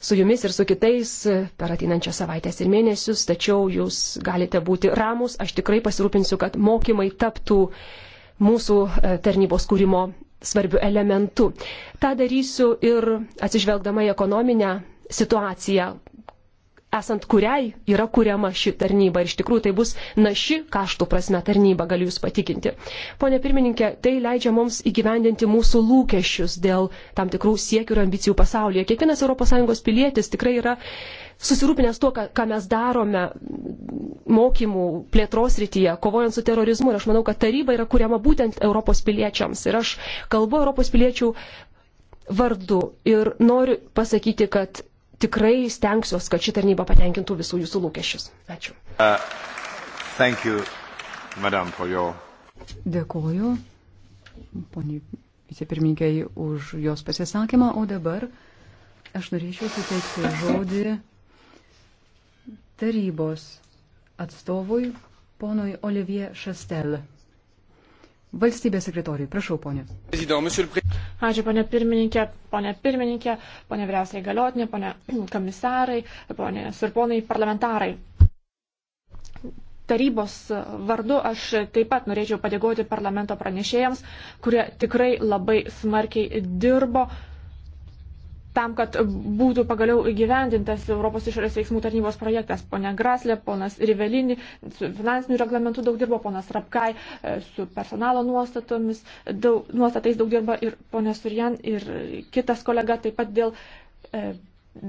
su jumis ir su kitais per ateinančią savaitęs ir mėnesius, tačiau jūs galite būti ramus, aš tikrai pasirūpinsiu, kad mokymai taptų mūsų e, tarnybos kūrimo svarbiu elementu. Ta darysiu ir atsižvelgdama į ekonominę situaciją, esant kuriai yra kuriama ši tarnyba. Ir iš tikrųjų tai bus naši kaštų prasme tarnyba, galiu Jūs patikinti. Pone pirmininkė, tai leidžia mums įgyvendinti mūsų lūkesčius dėl tam tikrų siekių ir ambicijų pasaulyje. Kiekvienas ES pilietis tikrai yra susirūpinęs tuo, ką, ką mes darome mokymų plėtros rytyje, kovojant su terorizmu. Ir aš manau, kad taryba yra kuriama būtent Europos piliečiams. Ir aš kalbu Europos piliečių vardu ir noriu pasakyti, kad tikrai stengsiuos, kad ši tarnyba patenkintų visų jūsų lūkesčius. Ačiū. Uh, you, madam, your... Dėkuoju, poniai vicepirmininkai, už jos pasisakymą, o dabar aš norėčiau suteikti žodį tarybos atstovui, ponui Olivier Šastel. Valstybės sekretoriui, prašau, ponė. Ačiū, ponė pirmininkė, ponė pirmininkė, ponė vyriausiai galiotinė, ponė komisarai, ponė sirponai parlamentarai. Tarybos vardu aš taip pat norėčiau padėkoti parlamento pranešėjams, kurie tikrai labai smarkiai dirbo tam, kad būtų pagaliau įgyvendintas Europos išorės veiksmų tarnybos projektas. Pone Graslė, ponas Rivelini, su finansiniu reglamentu daug dirbo, ponas Rapkai, e, su personalo nuostatomis, daug, nuostatais daug dirba ir ponė Surjan ir kitas kolega taip pat dėl e,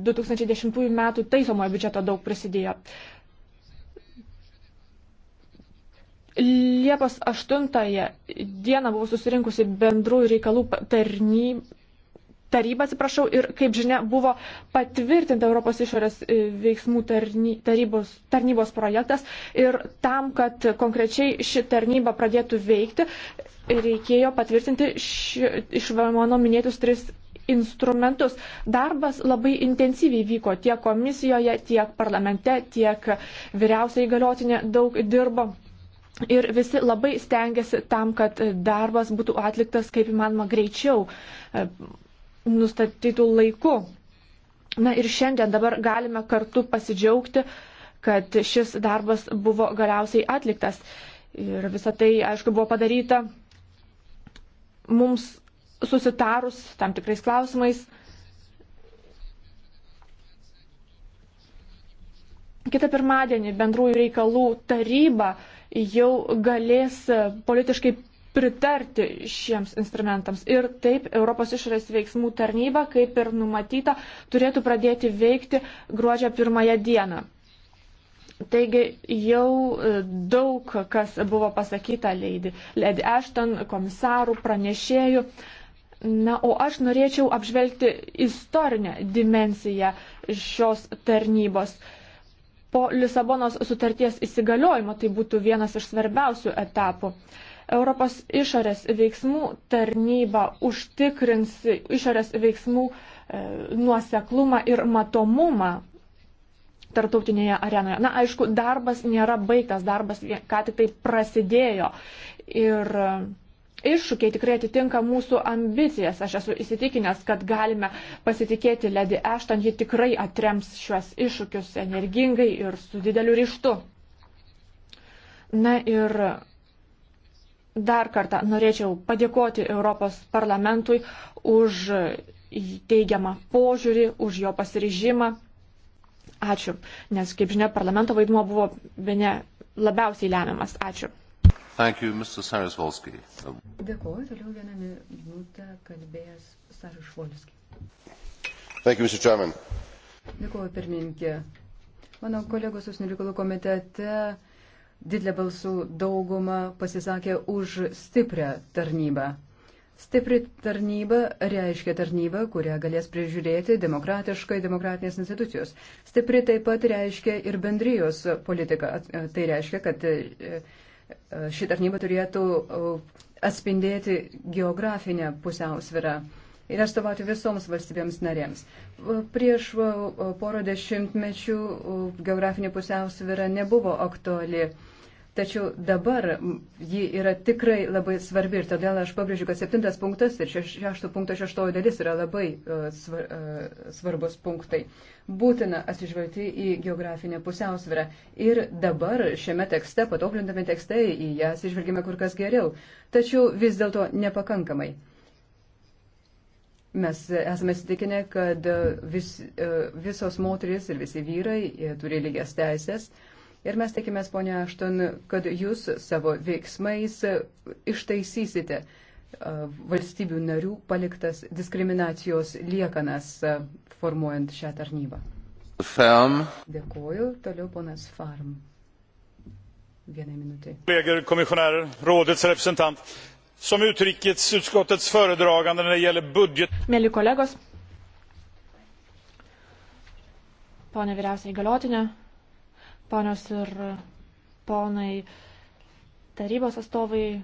2010 metų taisomojo biudžeto daug prisidėjo. Liepos 8 dieną buvau susirinkusi bendrųjų reikalų tarnybą taryba, atsiprašau, ir kaip žinia, buvo patvirtinta Europos išorės e, veiksmų tarny, tarybos, tarnybos projektas ir tam, kad konkrečiai ši tarnyba pradėtų veikti, reikėjo patvirtinti ši, iš mano minėtus tris instrumentus. Darbas labai intensyviai vyko tiek komisijoje, tiek parlamente, tiek vyriausiai galiotinė daug dirbo. Ir visi labai stengiasi tam, kad darbas būtų atliktas kaip įmanoma greičiau nustatytų laiku. Na ir šiandien dabar galime kartu pasidžiaugti, kad šis darbas buvo galiausiai atliktas. Ir visa tai, aišku, buvo padaryta mums susitarus tam tikrais klausimais. Kita pirmadienį bendrųjų reikalų taryba jau galės politiškai pritarti šiems instrumentams. Ir taip Europos išorės veiksmų tarnyba, kaip ir numatyta, turėtų pradėti veikti gruodžio pirmąją dieną. Taigi jau e, daug kas buvo pasakyta Leidi, Leidi Ashton, komisarų, pranešėjų. Na, o aš norėčiau apžvelgti istorinę dimensiją šios tarnybos. Po Lisabonos sutarties įsigaliojimo tai būtų vienas iš svarbiausių etapų. Uh, Europos išorės veiksmų tarnyba užtikrins išorės veiksmų e, nuoseklumą ir matomumą tarptautinėje arenoje. Na, aišku, darbas nėra baigtas, darbas ką tik tai prasidėjo. Ir e, iššūkiai tikrai atitinka mūsų ambicijas. Aš esu įsitikinęs, kad galime pasitikėti Ledi Ešton, ji tikrai atrems šiuos iššūkius energingai ir su dideliu ryštu. Na ir Dar kartą norėčiau padėkoti Europos parlamentui už teigiamą požiūrį, už jo pasiryžimą. Ačiū, nes, kaip žinia, parlamento vaidmuo buvo bene labiausiai lemiamas. Ačiū. Thank you, Mr. Sarisvolski. Dėkuoju, toliau vieną minutę kalbėjęs Sarisvolski. Thank you, Mr. Chairman. Dėkuoju, pirmininkė. Mano kolegos užsienio reikalų komitete didelė balsų dauguma pasisakė už stiprią tarnybą. Stipri tarnyba reiškia tarnybą, kurią galės prižiūrėti demokratiškai demokratinės institucijos. Stipri taip pat reiškia ir bendrijos politika. E, tai reiškia, kad e, e, ši tarnyba turėtų atspindėti geografinę pusiausvirą ir atstovauti visoms valstybėms narėms. Prieš porą dešimtmečių geografinė pusiausvyrą nebuvo aktuali. Tačiau dabar ji yra tikrai labai svarbi ir todėl aš pabrėžiu, kad septintas punktas ir šešto punkto šeštojo dalis yra labai e, svar, e, svarbus punktai. Būtina atsižvelgti į geografinę pusiausvyrą ir dabar šiame tekste, patoblintame tekste, į ją atsižvelgime kur kas geriau. Tačiau vis dėlto nepakankamai. Mes esame įsitikinę, kad vis, e, visos moteris ir visi vyrai turi lygias teisės. Ir mes tikimės, ponia Ašton, kad jūs savo veiksmais ištaisysite valstybių narių paliktas diskriminacijos liekanas formuojant šią tarnybą. Farm. Dėkuoju. Toliau ponas Farm. Vienai minutai. Koleger, komisioner, rodets reprezentant. Som utrikesutskottets föredragande när det gäller budget... Mėly kolegos, ponė vyriausiai galiotinė, ponios ir ponai tarybos atstovai,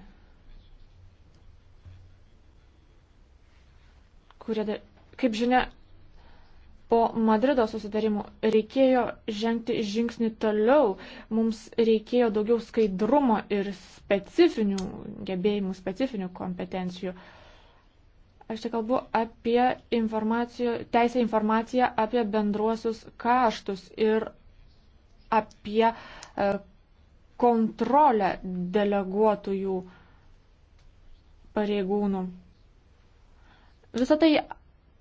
kurie, kaip žinia, po Madrido susitarimų reikėjo žengti žingsnį toliau, mums reikėjo daugiau skaidrumo ir specifinių gebėjimų, specifinių kompetencijų. Aš čia kalbu apie teisę informaciją apie bendruosius kaštus ir apie e, kontrolę deleguotųjų pareigūnų. Visą tai,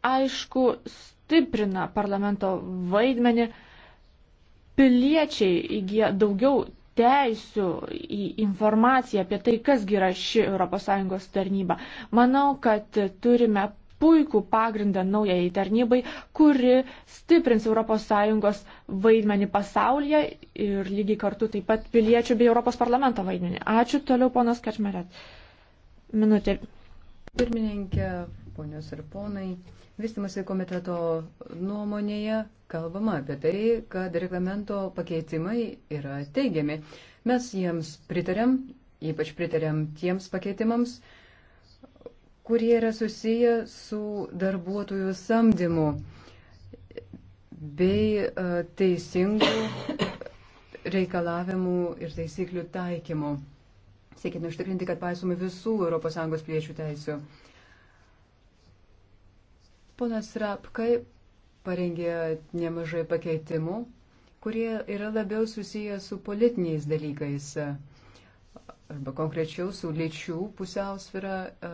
aišku, stiprina parlamento vaidmenį, piliečiai įgyja daugiau teisių į informaciją apie tai, kas yra ši ES tarnyba. Manau, kad turime puikų pagrindą naujai tarnybai, kuri stiprins ES vaidmenį pasaulyje ir lygiai kartu taip pat piliečių bei Europos parlamento vaidmenį. Ačiū toliau, ponas Kačmeret. Minutė. Pirmininkė, ponios ir ponai, vystimasi komiteto nuomonėje kalbama apie tai, kad reglamento pakeitimai yra teigiami. Mes jiems pritarėm, ypač pritarėm tiems pakeitimams, kurie yra susiję su darbuotojų samdymu bei e, teisingų reikalavimų ir taisyklių taikymu, siekiant užtikrinti, kad paisomi visų ES piliečių teisių. Ponas Rapkai parengė nemažai pakeitimų, kurie yra labiau susiję su politiniais dalykais arba konkrečiau su lyčių pusiausvira e,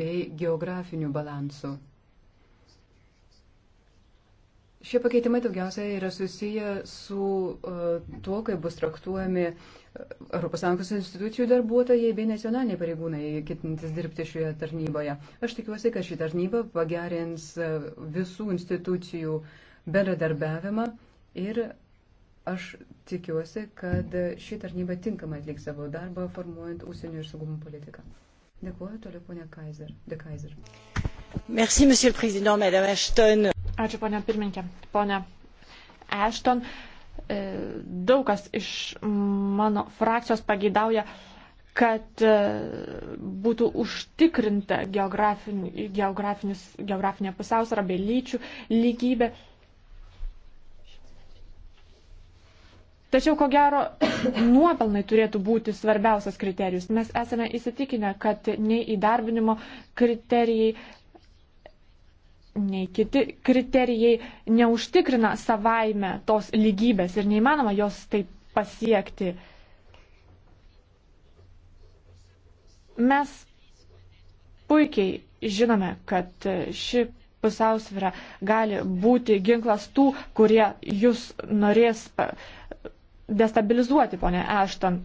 bei geografiniu balansu. Šie pakeitimai daugiausiai yra susiję su e, tuo, kaip bus traktuojami ES institucijų darbuotojai bei nacionaliniai pareigūnai, kitintis dirbti šioje tarnyboje. Aš tikiuosi, kad ši tarnyba pagerins e, visų institucijų bendradarbiavimą ir Aš tikiuosi, kad ši tarnyba tinkamai atliks savo darbą, formuojant užsienio ir saugumo politiką. Dėkuoju toliau, ponia Kaiser. De Kaiser. Merci, monsieur le président, madame Ashton. Ačiū, ponia pirmininkė. Ponia Ashton, e, daug kas iš mano frakcijos pageidauja kad e, būtų užtikrinta geografinė pusiausvara bei lyčių lygybė Tačiau, ko gero, nuopelnai turėtų būti svarbiausias kriterijus. Mes esame įsitikinę, kad nei įdarbinimo kriterijai, nei kiti kriterijai neužtikrina savaime tos lygybės ir neįmanoma jos taip pasiekti. Mes puikiai žinome, kad ši pusiausvyrą gali būti ginklas tų, kurie jūs norės destabilizuoti, ponė Ešton.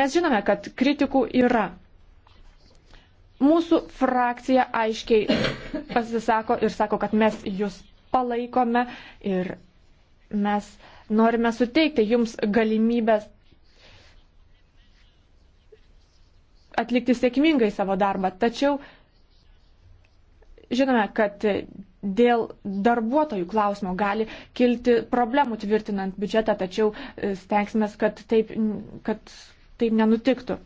Mes žinome, kad kritikų yra. Mūsų frakcija aiškiai pasisako ir sako, kad mes jūs palaikome ir mes norime suteikti jums galimybės atlikti sėkmingai savo darbą. Tačiau žinome, kad dėl darbuotojų klausimo gali kilti problemų tvirtinant biudžetą, tačiau e, stengsime, kad taip, kad taip nenutiktų.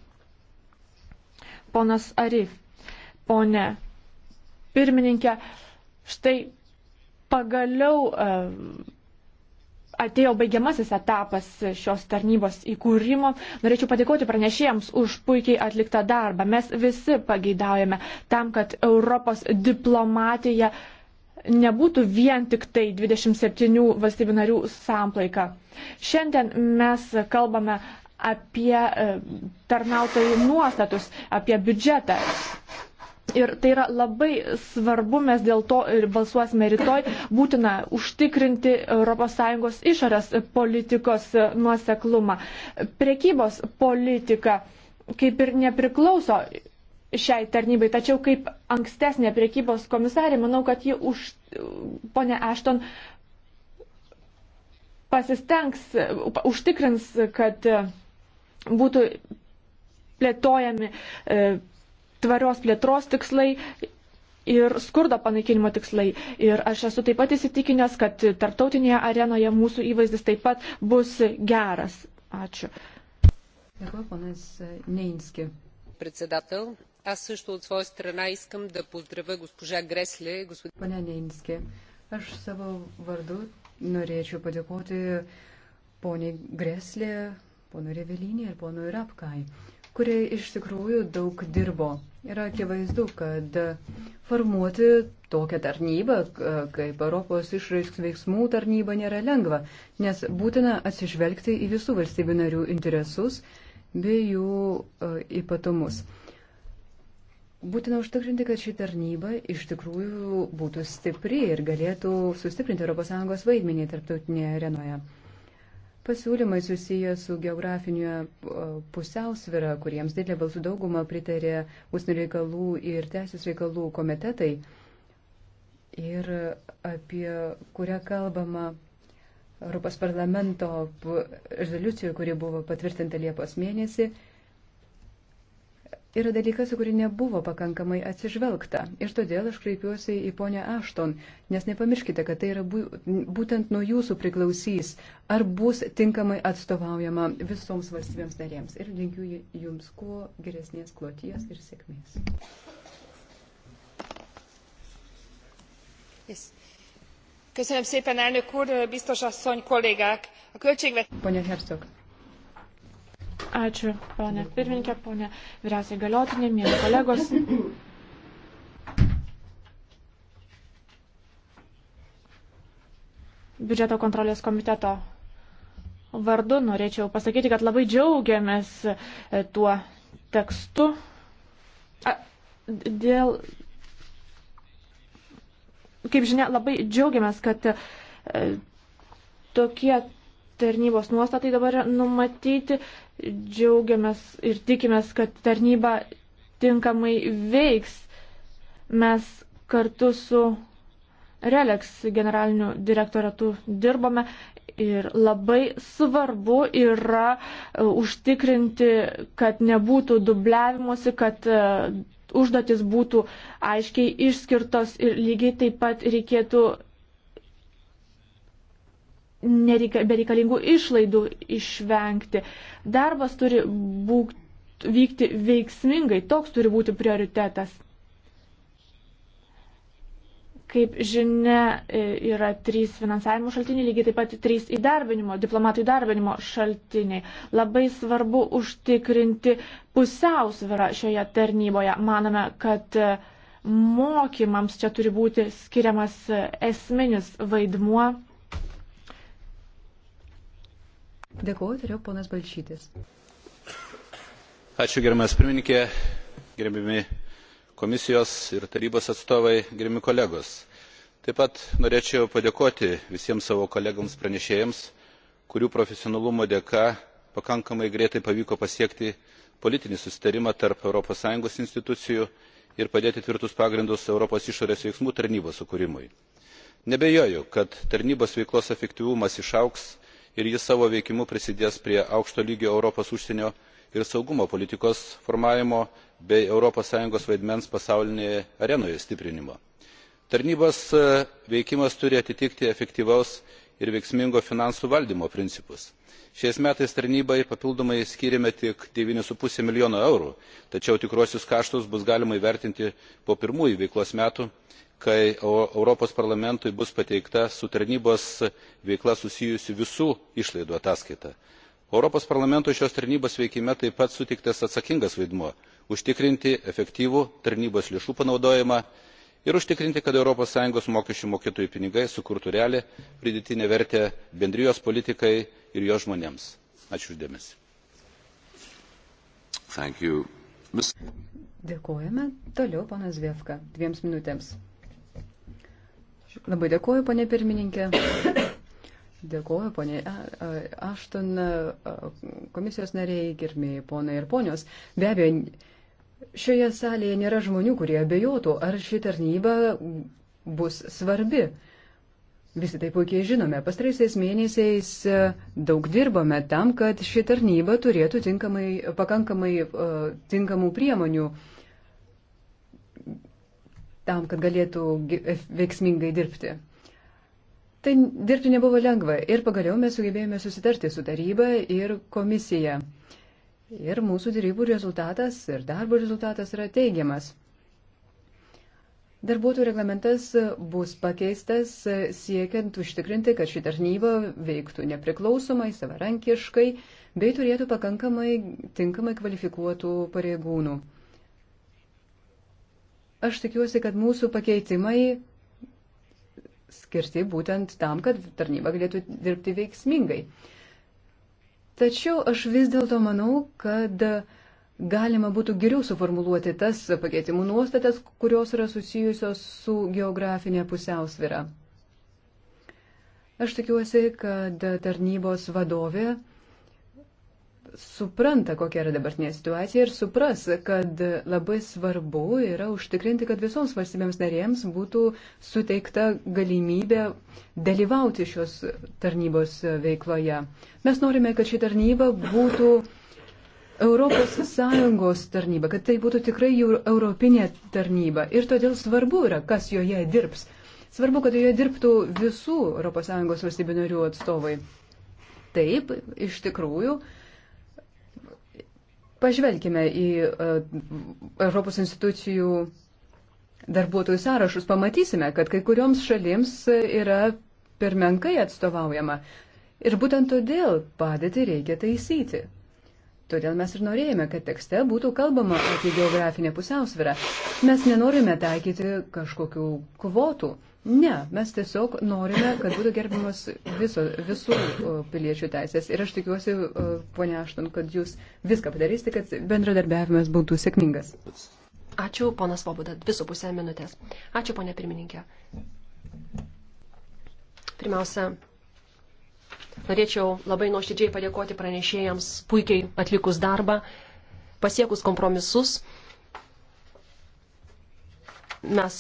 Ponas Arif, ponė pirmininkė, štai pagaliau e, atėjo baigiamasis etapas šios tarnybos įkūrimo. Norėčiau padėkoti pranešėjams už puikiai atliktą darbą. Mes visi pageidaujame tam, kad Europos diplomatija uh, nebūtų vien tik tai 27 valstybių narių samplaika. Šiandien mes kalbame apie e, tarnautojų nuostatus, apie biudžetą. Ir tai yra labai svarbu, mes dėl to ir balsuosime rytoj, būtina užtikrinti ES išorės politikos nuoseklumą. Prekybos politika kaip ir nepriklauso šiai tarnybai. Tačiau kaip ankstesnė priekybos komisarė, manau, kad ji už ponę Ashton pasistengs, užtikrins, kad e, būtų plėtojami e, tvarios plėtros tikslai ir skurdo panaikinimo tikslai. Ir aš esu taip pat įsitikinęs, kad tarptautinėje arenoje mūsų įvaizdis taip pat bus geras. Ačiū. Dėkuoju, ponas Neinski. Председател, Аз също от своя страна искам да поздравя госпожа Гресле. Господин... Pane Neinskė, aš savo vardu norėčiau padėkoti poniai Greslė, ponui Revelinį ir ponui Rapkai, kurie iš tikrųjų daug dirbo. Yra akivaizdu, kad formuoti tokią tarnybą, kaip Europos išraišks veiksmų tarnyba, nėra lengva, nes būtina atsižvelgti į visų valstybių narių interesus bei jų ypatumus. Uh, Būtina užtikrinti, kad ši tarnyba iš tikrųjų būtų stipri ir galėtų sustiprinti ES vaidmenį tarptautinėje arenoje. Pasiūlymai susiję su geografinė e, pusiausvėra, kuriems didelė balsų dauguma pritarė užsienio reikalų ir teisės reikalų komitetai ir apie kurią kalbama Europos parlamento rezoliucijoje, kuri buvo patvirtinta Liepos mėnesį yra dalykas, į kurį nebuvo pakankamai atsižvelgta. Ir todėl aš kreipiuosi į ponę Ašton, nes nepamirškite, kad tai yra būtent nuo jūsų priklausys, ar bus tinkamai atstovaujama visoms valstybėms narėms. Ir linkiu jums kuo geresnės kloties ir sėkmės. Yes. Köszönöm szépen, elnök úr, biztos asszony, kollégák! A költségvetés... Ponya Herzog. Ačiū, ponė pirmininkė, ponė vyriausiai galiotinė, mėly kolegos. Biudžeto kontrolės komiteto vardu norėčiau pasakyti, kad labai džiaugiamės e, tuo tekstu. A, dėl, kaip žinia, labai džiaugiamės, kad e, tokie tarnybos nuostatai dabar numatyti. Džiaugiamės ir tikimės, kad tarnyba tinkamai veiks. Mes kartu su Relex generaliniu direktoratu dirbame ir labai svarbu yra e, užtikrinti, kad nebūtų dubliavimuose, kad e, užduotis būtų aiškiai išskirtos ir lygiai taip pat reikėtų nereika, bereikalingų išlaidų išvengti. Darbas turi būk, vykti veiksmingai, toks turi būti prioritetas. Kaip žinia, e, yra trys finansavimo šaltiniai, lygiai taip pat trys įdarbinimo, diplomatų įdarbinimo šaltiniai. Labai svarbu užtikrinti pusiausvyrą šioje tarnyboje. Manome, kad e, mokymams čia turi būti skiriamas e, esminis vaidmuo. Dėkuoju, turiu ponas Balšytis. Ačiū, gerbiamas pirmininkė, gerbiami komisijos ir tarybos atstovai, gerbiami kolegos. Taip pat norėčiau padėkoti visiems savo kolegams pranešėjams, kurių profesionalumo dėka pakankamai greitai pavyko pasiekti politinį susitarimą tarp ES institucijų ir padėti tvirtus pagrindus europos išorės veiksmų tarnybos sukūrimui. neabejoju kad tarnybos veiklos efektyvumas išaugs ir jis savo veikimu prisidės prie aukšto lygio europos užsienio ir saugumo politikos formavimo bei europos sąjungos vaidmens pasaulinėje arenoje stiprinimo. tarnybos e, veikimas turi atitikti efektyvaus ir veiksmingo finansų valdymo principus. šiais metais tarnybai papildomai skyrėme tik devyni five milijono eurų tačiau tikruosius kaštus bus galima įvertinti po pirmųjų veiklos metų kai europos parlamentui bus pateikta su tarnybos veikla susijusių visų išlaidų ataskaita. europos parlamentui šios tarnybos veikime taip pat suteiktas atsakingas vaidmuo užtikrinti efektyvų tarnybos lėšų panaudojimą ir užtikrinti kad europos sąjungos mokesčių mokėtojų pinigai sukurtų realią pridėtinę vertę bendrijos politikai ir jos žmonėms. ačiū uždėmesi. Dėkojame. Toliau ponas Vievka. Dviems minutėms. Labai dėkuoju, ponė pirmininkė. Dėkuoju, ponė Ašton, komisijos nariai, gerbėjai, ponai ir ponios. Be abejo, šioje salėje nėra žmonių, kurie abejotų, ar ši tarnyba bus svarbi. Visi tai puikiai žinome. Pastraisiais mėnesiais daug dirbame tam, kad ši tarnyba turėtų tinkamai, pakankamai tinkamų priemonių uh, tam, kad galėtų e, veiksmingai dirbti. Tai dirbti nebuvo lengva ir pagaliau mes sugebėjome susitarti su taryba ir komisija. Ir mūsų dėrybų rezultatas ir darbo rezultatas yra teigiamas. Darbuotojų reglamentas bus pakeistas e, siekiant užtikrinti, kad ši tarnyba veiktų nepriklausomai, savarankiškai bei turėtų pakankamai tinkamai kvalifikuotų pareigūnų. Aš tikiuosi, kad mūsų pakeitimai skirti būtent tam, kad tarnyba galėtų dirbti veiksmingai. Tačiau aš vis dėlto manau, kad galima būtų geriau suformuluoti tas pakeitimų nuostatas, kurios yra susijusios su geografinė pusiausvira. Aš tikiuosi, kad tarnybos vadovė supranta, kokia yra dabartinė situacija ir supras, kad labai svarbu yra užtikrinti, kad visoms valstybėms narėms būtų suteikta galimybė dalyvauti šios tarnybos veikloje. Mes norime, kad ši tarnyba būtų ES tarnyba, kad tai būtų tikrai europinė tarnyba. Ir todėl svarbu yra, kas joje dirbs. Svarbu, kad joje dirbtų visų ES valstybių narių atstovai. Taip, iš tikrųjų, uh, Pažvelkime į e, Europos institucijų darbuotojų sąrašus, pamatysime, kad kai kurioms šalims yra per menkai atstovaujama. Ir būtent todėl padėtį reikia taisyti. Todėl mes ir norėjome, kad tekste būtų kalbama apie geografinę pusiausvyrą. Mes nenorime taikyti kažkokių kvotų. Ne, mes tiesiog norime, kad būtų gerbiamas viso, visų piliečių teisės. Ir aš tikiuosi, ponia Ašton, kad jūs viską padarysite, kad bendradarbiavimas būtų sėkmingas. Ačiū, ponas Voboda, visų pusę minutės. Ačiū, ponia pirmininkė. Pirmiausia, Norėčiau labai nuoširdžiai padėkoti pranešėjams puikiai atlikus darbą, pasiekus kompromisus. Mes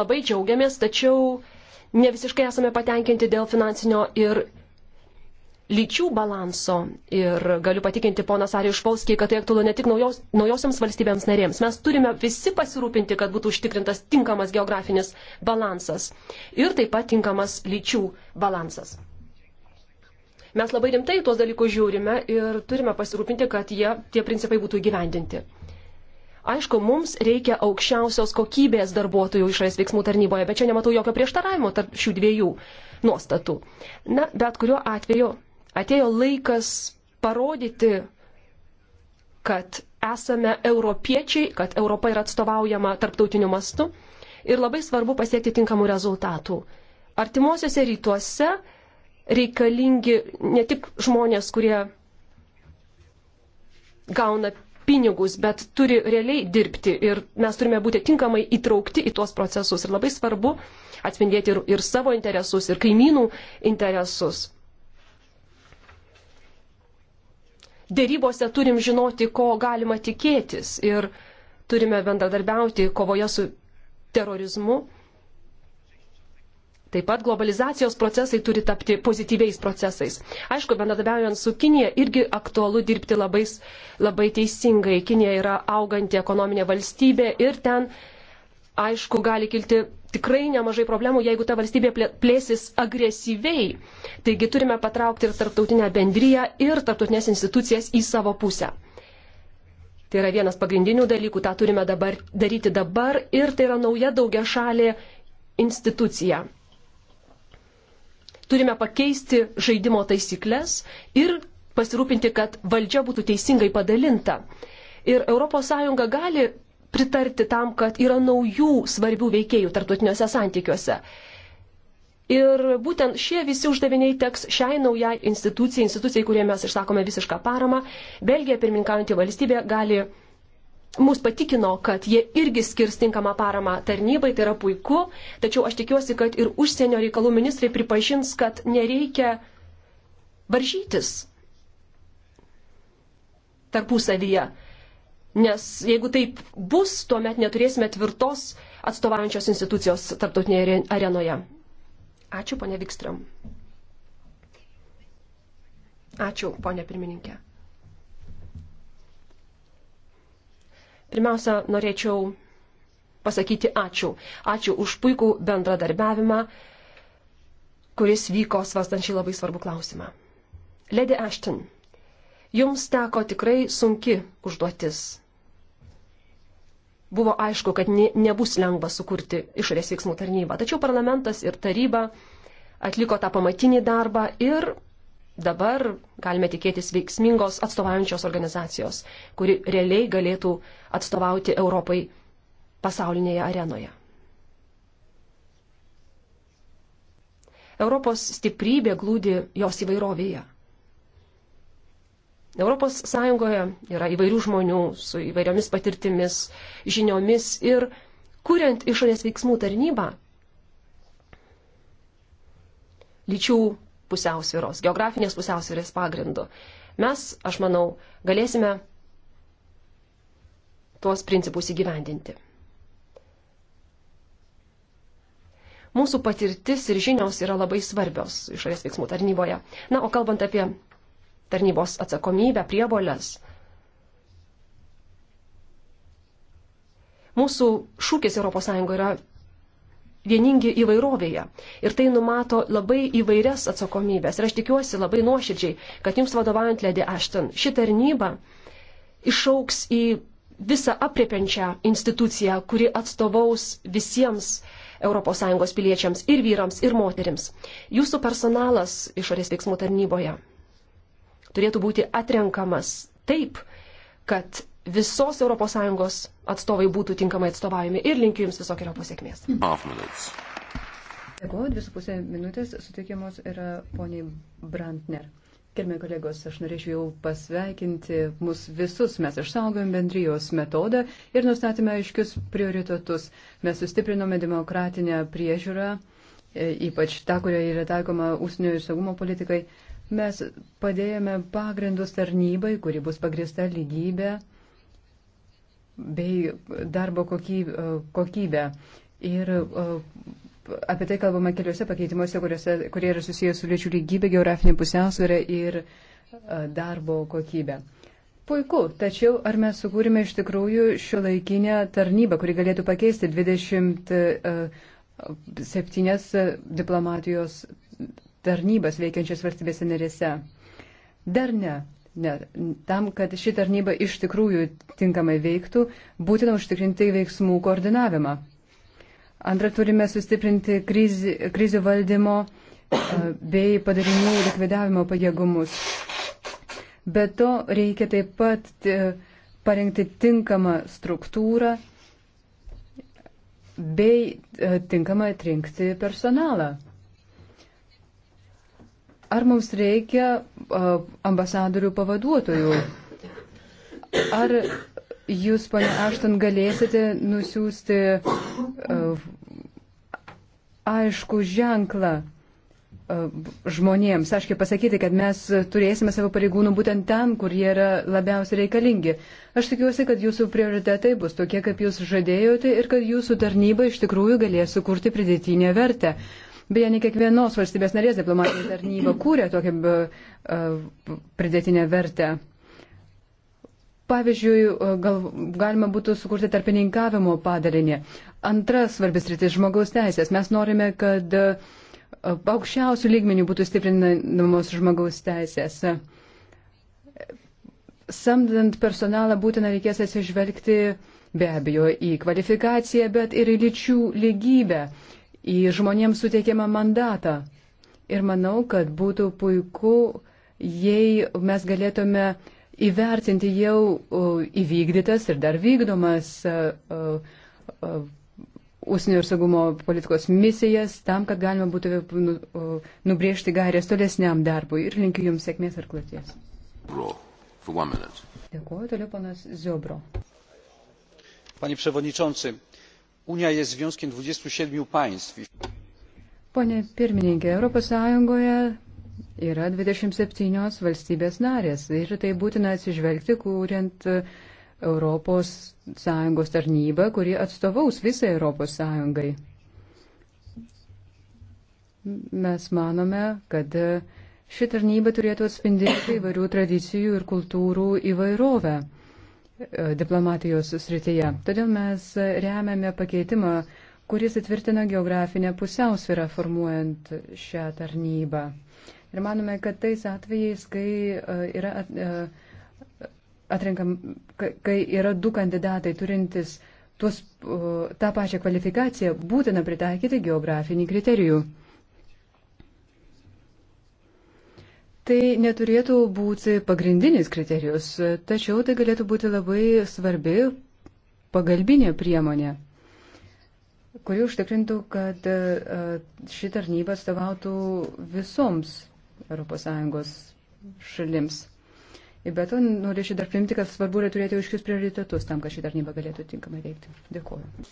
labai džiaugiamės, tačiau ne visiškai esame patenkinti dėl finansinio ir lyčių balanso. Ir galiu patikinti poną Sarį Išpauskį, kad tai aktualu ne tik naujos, naujosiams valstybėms narėms. Mes turime visi pasirūpinti, kad būtų užtikrintas tinkamas geografinis balansas ir taip pat tinkamas lyčių balansas. Mes labai rimtai tuos dalykus žiūrime ir turime pasirūpinti, kad jie, tie principai būtų įgyvendinti. Aišku, mums reikia aukščiausios kokybės darbuotojų išorės veiksmų tarnyboje, bet čia nematau jokio prieštaravimo tarp šių dviejų nuostatų. Na, bet kuriuo atveju atėjo laikas parodyti, kad esame europiečiai, kad Europa yra atstovaujama tarptautiniu mastu ir labai svarbu pasiekti tinkamų rezultatų. Artimuosiuose rytuose reikalingi ne tik žmonės, kurie gauna pinigus, bet turi realiai dirbti ir mes turime būti tinkamai įtraukti į tuos procesus. Ir labai svarbu atspindėti ir, ir savo interesus, ir kaimynų interesus. Dėrybose turim žinoti, ko galima tikėtis ir turime bendradarbiauti kovoje su terorizmu Taip pat globalizacijos procesai turi tapti pozityviais procesais. Aišku, bendradabiaujant su Kinija irgi aktualu dirbti labai, labai teisingai. Kinija yra auganti ekonominė valstybė ir ten, aišku, gali kilti tikrai nemažai problemų, jeigu ta valstybė plėsis agresyviai. Taigi turime patraukti ir tarptautinę bendryją, ir tarptautinės institucijas į savo pusę. Tai yra vienas pagrindinių dalykų, tą turime dabar, daryti dabar ir tai yra nauja daugia šalė institucija turime pakeisti žaidimo taisyklės ir pasirūpinti, kad valdžia būtų teisingai padalinta. Ir ES gali pritarti tam, kad yra naujų svarbių veikėjų tartutiniuose santykiuose. Ir būtent šie visi uždaviniai teks šiai naujai institucijai, institucijai, kurie mes išsakome visišką paramą. Belgija, pirmininkaujantį valstybę, gali mus patikino, kad jie irgi skirs tinkamą paramą tarnybai, tai yra puiku, tačiau aš tikiuosi, kad ir užsienio reikalų ministrai pripažins, kad nereikia varžytis tarpusavyje. Nes jeigu taip bus, tuomet neturėsime tvirtos atstovaujančios institucijos tarptautinėje arenoje. Ačiū, ponė Vikstram. Ačiū, ponė pirmininkė. Pirmiausia, norėčiau pasakyti ačiū. Ačiū už puikų bendradarbiavimą, kuris vyko svastant šį labai svarbų klausimą. Lady Ashton, jums teko tikrai sunki užduotis. Buvo aišku, kad ne, nebus lengva sukurti išorės veiksmų tarnybą, tačiau parlamentas ir taryba atliko tą pamatinį darbą ir dabar galime tikėtis veiksmingos atstovaujančios organizacijos, kuri realiai galėtų atstovauti Europai pasaulinėje arenoje. Europos stiprybė glūdi jos įvairovėje. Europos Sąjungoje yra įvairių žmonių su įvairiomis patirtimis, žiniomis ir kuriant išorės veiksmų tarnybą, lyčių pusiausviros, geografinės pusiausvirės pagrindu. Mes, aš manau, galėsime tuos principus įgyvendinti. Mūsų patirtis ir žinios yra labai svarbios išorės veiksmų tarnyboje. Na, o kalbant apie tarnybos atsakomybę, prievolės, mūsų šūkis ES yra vieningi įvairovėje. Ir tai numato labai įvairias atsakomybės. Ir aš tikiuosi labai nuoširdžiai, kad jums vadovaujant Ledi Ashton, ši tarnyba išauks į visą apriepiančią instituciją, kuri atstovaus visiems ES piliečiams ir vyrams, ir moterims. Jūsų personalas išorės veiksmų tarnyboje turėtų būti atrenkamas taip, kad visos ES atstovai būtų tinkamai atstovaujami ir linkiu Jums visokio pasiekmės. Dėkuoju, dvi su pusė minutės suteikiamos yra poniai Brantner. Gerbėjai kolegos, aš norėčiau jau pasveikinti mus visus. Mes išsaugojom bendrijos metodą ir nustatėme aiškius prioritetus. Mes sustiprinome demokratinę priežiūrą, e, ypač tą, kurioje yra taikoma užsienio ir saugumo politikai. Mes padėjome pagrindus tarnybai, kuri bus pagrista lygybė bei darbo e, kokybę. Ir e, apie tai kalbama keliuose pakeitimuose, kuriuose, kurie yra susijęs su lyčių lygybė, geografinė pusiausvėra ir e, darbo kokybė. Puiku, tačiau ar mes sukūrime iš tikrųjų šio laikinę tarnybą, kuri galėtų pakeisti 27 diplomatijos tarnybas veikiančias valstybėse narėse? Dar ne. Ne, tam, kad ši tarnyba iš tikrųjų tinkamai veiktų, būtina užtikrinti veiksmų koordinavimą. Antra, turime sustiprinti krizi, krizių valdymo e, bei padarinių likvidavimo pajėgumus. Be to reikia taip pat e, parengti tinkamą struktūrą bei e, tinkamai atrinkti personalą. Ar mums reikia ambasadorių pavaduotojų? Ar jūs, pane Ašton, galėsite nusiųsti aišku ženklą žmonėms, aiškiai pasakyti, kad mes turėsime savo pareigūnų būtent ten, kur jie yra labiausiai reikalingi. Aš tikiuosi, kad jūsų prioritetai bus tokie, kaip jūs žadėjote ir kad jūsų tarnyba iš tikrųjų galės sukurti pridėtinę vertę. Beje, ne kiekvienos valstybės narės diplomatinė tarnyba kūrė tokią pridėtinę vertę. Pavyzdžiui, gal, galima būtų sukurti tarpininkavimo padalinį. Antras svarbis rytis - žmogaus teisės. Mes norime, kad aukščiausių lygmenių būtų stiprinamos žmogaus teisės. Samdant personalą būtina reikės atsižvelgti be abejo į kvalifikaciją, bet ir į lyčių lygybę į žmonėms suteikiamą mandatą. Ir manau, kad būtų puiku, jei mes galėtume įvertinti jau įvykdytas ir dar vykdomas užsienio ir saugumo politikos misijas tam, kad galima būtų nu, nubriežti gairės tolesniam darbui. Ir linkiu Jums sėkmės ir kloties. Dėkuoju, toliau panas Ziobro. Panie Przewodniczący, Unia jest związkiem 27 państw. Pone pirmininkė, ES yra 27 valstybės narės ir tai būtina atsižvelgti, kuriant ES tarnybą, kuri atstovaus visai ES. Mes manome, kad ši tarnyba turėtų atspindėti įvairių tradicijų ir kultūrų įvairovę. E, diplomatijos srityje. Todėl mes remiame pakeitimą, kuris įtvirtina geografinę pusiausvyrą formuojant šią tarnybą. Ir manome, kad tais atvejais, kai e, yra e, atrenkam, kai yra du kandidatai turintis tuos, tą pačią kvalifikaciją, būtina pritaikyti geografinį kriterijų. tai neturėtų būti pagrindinis kriterijus, tačiau tai galėtų būti labai svarbi pagalbinė priemonė, kuri užtikrintų, kad e, ši tarnyba atstovautų visoms ES šalims. Ir be to norėčiau dar priminti, kad svarbu yra turėti aiškius prioritetus tam, kad ši tarnyba galėtų tinkamai veikti. Dėkuoju.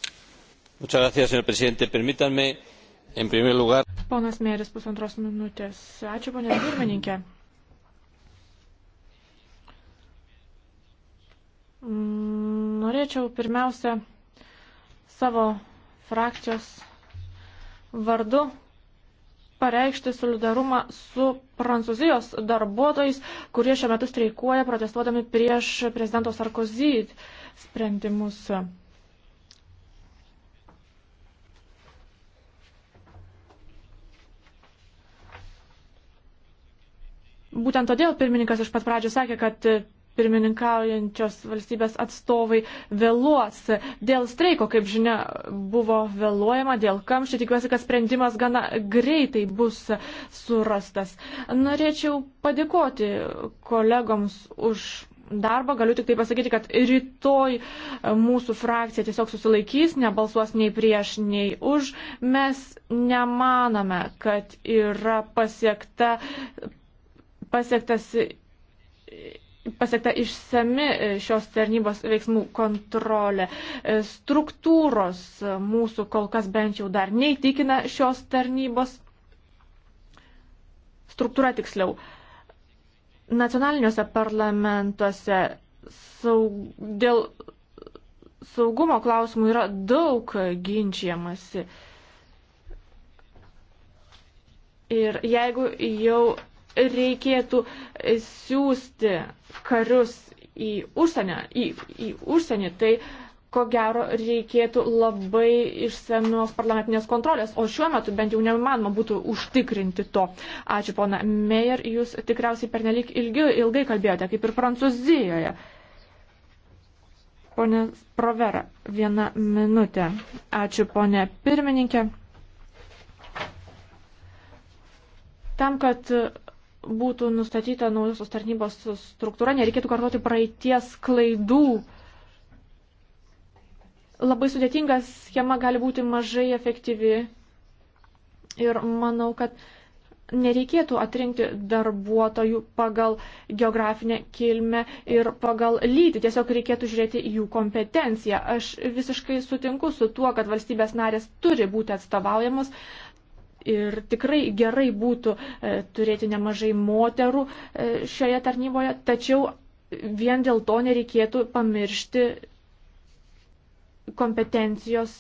Muchas gracias, señor presidente. Permítanme Lugar... Ponas Mėris, pusantros minutės. Ačiū, ponė pirmininkė. Mm, norėčiau pirmiausia savo frakcijos vardu pareikšti solidarumą su prancūzijos darbuotojais, kurie šiuo metu streikuoja protestuodami prieš prezidento Sarkozy sprendimus. būtent todėl pirmininkas iš pat pradžių sakė, kad pirmininkaujančios valstybės atstovai vėluos. Dėl streiko, kaip žinia, buvo vėluojama, dėl kamščių tikiuosi, kad sprendimas gana greitai bus surastas. Norėčiau padėkoti kolegoms už. Darbą galiu tik tai pasakyti, kad rytoj mūsų frakcija tiesiog susilaikys, nebalsuos nei prieš, nei už. Mes nemaname, kad yra pasiekta pasiektas, pasiekta išsami šios tarnybos veiksmų kontrolė. Struktūros mūsų kol kas bent jau dar neįtikina šios tarnybos. Struktūra tiksliau. Nacionaliniuose parlamentuose saug, dėl saugumo klausimų yra daug ginčiamasi. Ir jeigu jau reikėtų siūsti karius į užsienį, į, į užsienį tai ko gero reikėtų labai išsamios parlamentinės kontrolės, o šiuo metu bent jau nemanoma būtų užtikrinti to. Ačiū, pona Meyer, jūs tikriausiai pernelyg ilgi, ilgai kalbėjote, kaip ir Prancūzijoje. Pone Provera, vieną minutę. Ačiū, ponė pirmininkė. Tam, kad būtų nustatyta naujosios tarnybos struktūra, nereikėtų kartuoti praeities klaidų. Labai sudėtinga schema gali būti mažai efektyvi ir manau, kad nereikėtų atrinkti darbuotojų pagal geografinę kilmę ir pagal lytį, tiesiog reikėtų žiūrėti jų kompetenciją. Aš visiškai sutinku su tuo, kad valstybės narės turi būti atstovaujamos, Ir tikrai gerai būtų e, turėti nemažai moterų e, šioje tarnyboje, tačiau vien dėl to nereikėtų pamiršti kompetencijos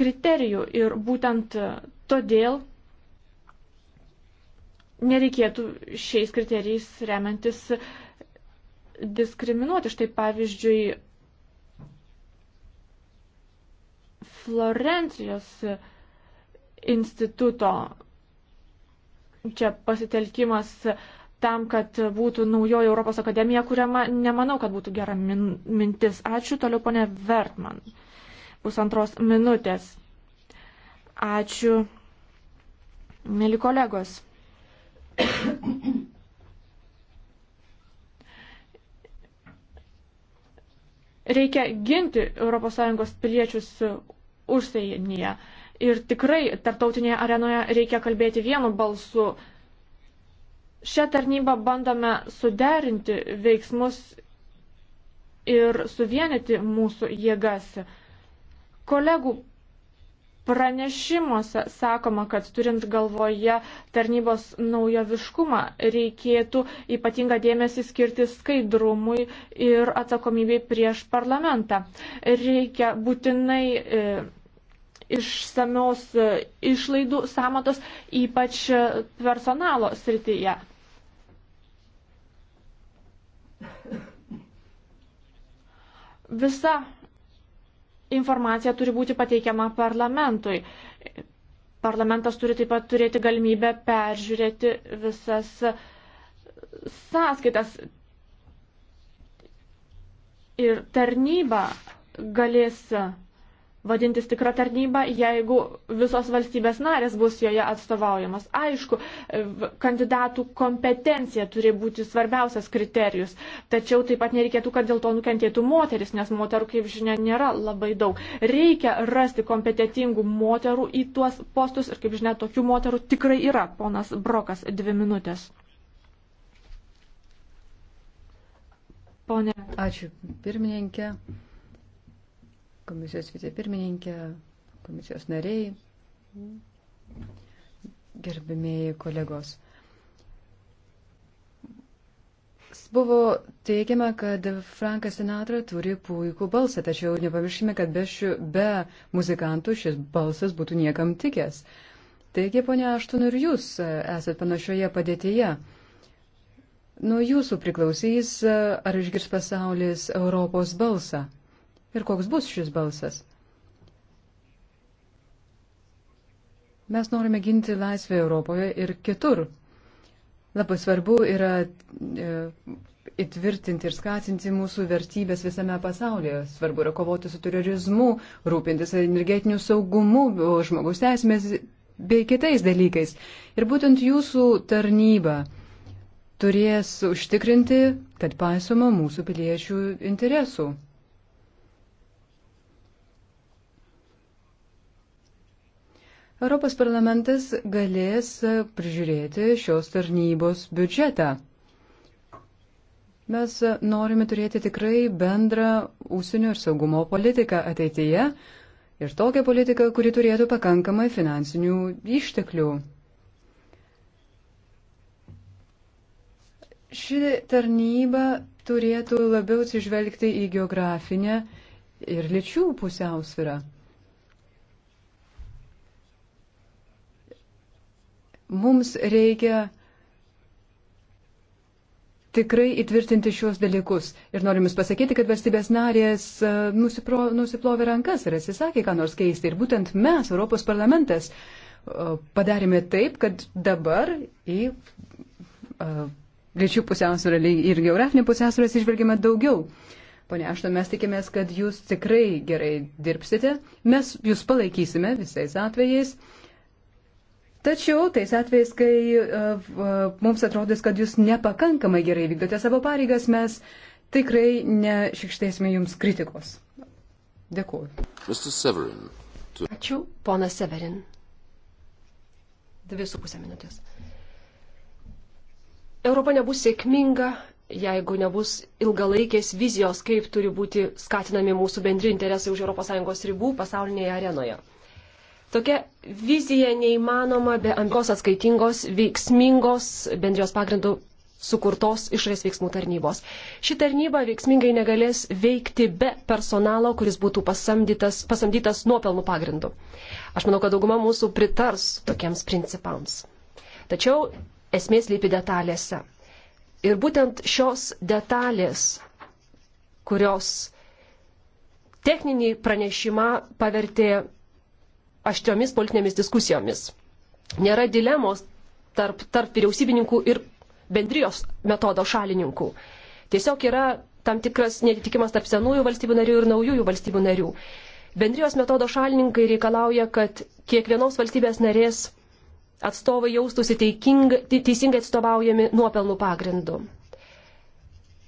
kriterijų. Ir būtent todėl nereikėtų šiais kriterijais remiantis diskriminuoti. Štai pavyzdžiui, Florencijos instituto čia pasitelkimas tam, kad būtų naujoji Europos akademija kuriama, nemanau, kad būtų gera min mintis. Ačiū toliau, ponė Vertman. Pusantros minutės. Ačiū, mėly kolegos. Reikia ginti ES piliečius užsienyje. Uh, ir tikrai tarptautinėje arenoje reikia kalbėti vienu balsu. Šią tarnybą bandome suderinti veiksmus ir suvienyti mūsų jėgas. Kolegų pranešimuose sakoma, kad turint galvoje tarnybos naujoviškumą reikėtų ypatingą dėmesį skirti skaidrumui ir atsakomybei prieš parlamentą. Reikia būtinai e, išsamios e, išlaidų samatos, ypač e, personalo srityje. Visa informacija turi būti pateikiama parlamentui. Parlamentas turi taip pat turėti galimybę peržiūrėti visas sąskaitas. Ir tarnyba galės vadintis tikrą tarnybą, jeigu visos valstybės narės bus joje atstovaujamas. Aišku, kandidatų kompetencija turi būti svarbiausias kriterijus, tačiau taip pat nereikėtų, kad dėl to nukentėtų moteris, nes moterų, kaip žinia, nėra labai daug. Reikia rasti kompetitingų moterų į tuos postus ir, kaip žinia, tokių moterų tikrai yra. Ponas Brokas, dvi minutės. Pone. Ačiū, pirmininkė komisijos vicepirmininkė, komisijos nariai, gerbimieji kolegos. Buvo teigiama, kad Frankas Sinatra turi puikų balsą, tačiau nepamirškime, kad be, šių, be muzikantų šis balsas būtų niekam tikęs. Taigi, ponia Aštun, ir jūs esate panašioje padėtyje. Nuo jūsų priklausys, ar išgirs pasaulis Europos balsą ir koks bus šis balsas. Mes norime ginti laisvę Europoje ir kitur. Labai svarbu yra e, įtvirtinti ir skatinti mūsų vertybės visame pasaulyje. Svarbu yra kovoti su terorizmu, rūpintis energetiniu saugumu, žmogus teismės bei kitais dalykais. Ir būtent jūsų tarnyba turės užtikrinti, kad paisoma mūsų piliečių interesų. Europos parlamentas galės prižiūrėti šios tarnybos biudžetą. Mes norime turėti tikrai bendrą ūsinių ir saugumo politiką ateityje ir tokią politiką, kuri turėtų pakankamai finansinių išteklių. Ši tarnyba turėtų labiau atsižvelgti į geografinę ir lyčių pusiausvyrą. Mums reikia tikrai įtvirtinti šios dalykus. Ir norim Jums pasakyti, kad valstybės narės e, nusipro, nusiplovė rankas ir atsisakė ką nors keisti. Ir būtent mes, Europos parlamentas, e, padarėme taip, kad dabar į e, lyčių pusiausvyrą ir geografinį pusiausvyrą atsižvelgiame daugiau. Pone Ašto, mes tikimės, kad jūs tikrai gerai dirbsite, mes jūs palaikysime visais atvejais. Tačiau tais atvejais, kai uh, mums atrodys, kad jūs nepakankamai gerai vykdote savo pareigas, mes tikrai nešikštėsime jums kritikos. Dėkuoju. Severin, to... Ačiū, ponas Severin. Dvi su pusė minutės. Europa nebus sėkminga, jeigu nebus ilgalaikės vizijos, kaip turi būti skatinami mūsų bendri interesai už ES ribų pasaulinėje arenoje. Tokia vizija neįmanoma be antros atskaitingos, veiksmingos bendrijos pagrindų sukurtos išorės veiksmų tarnybos. Ši tarnyba veiksmingai negalės veikti be personalo, kuris būtų pasamdytas, pasamdytas nuopelnų pagrindų. Aš manau, kad dauguma mūsų pritars tokiems principams. Tačiau esmės lypi detalėse. Ir būtent šios detalės, kurios techninį pranešimą pavertė aštriomis politinėmis diskusijomis. Nėra dilemos tarp, tarp vyriausybininkų ir bendrijos metodo šalininkų. Tiesiog yra tam tikras netitikimas tarp senųjų valstybių narių ir naujųjų valstybių narių. Bendrijos metodo šalininkai reikalauja, kad kiekvienos valstybės narės atstovai jaustųsi teisingai atstovaujami nuopelnų pagrindu.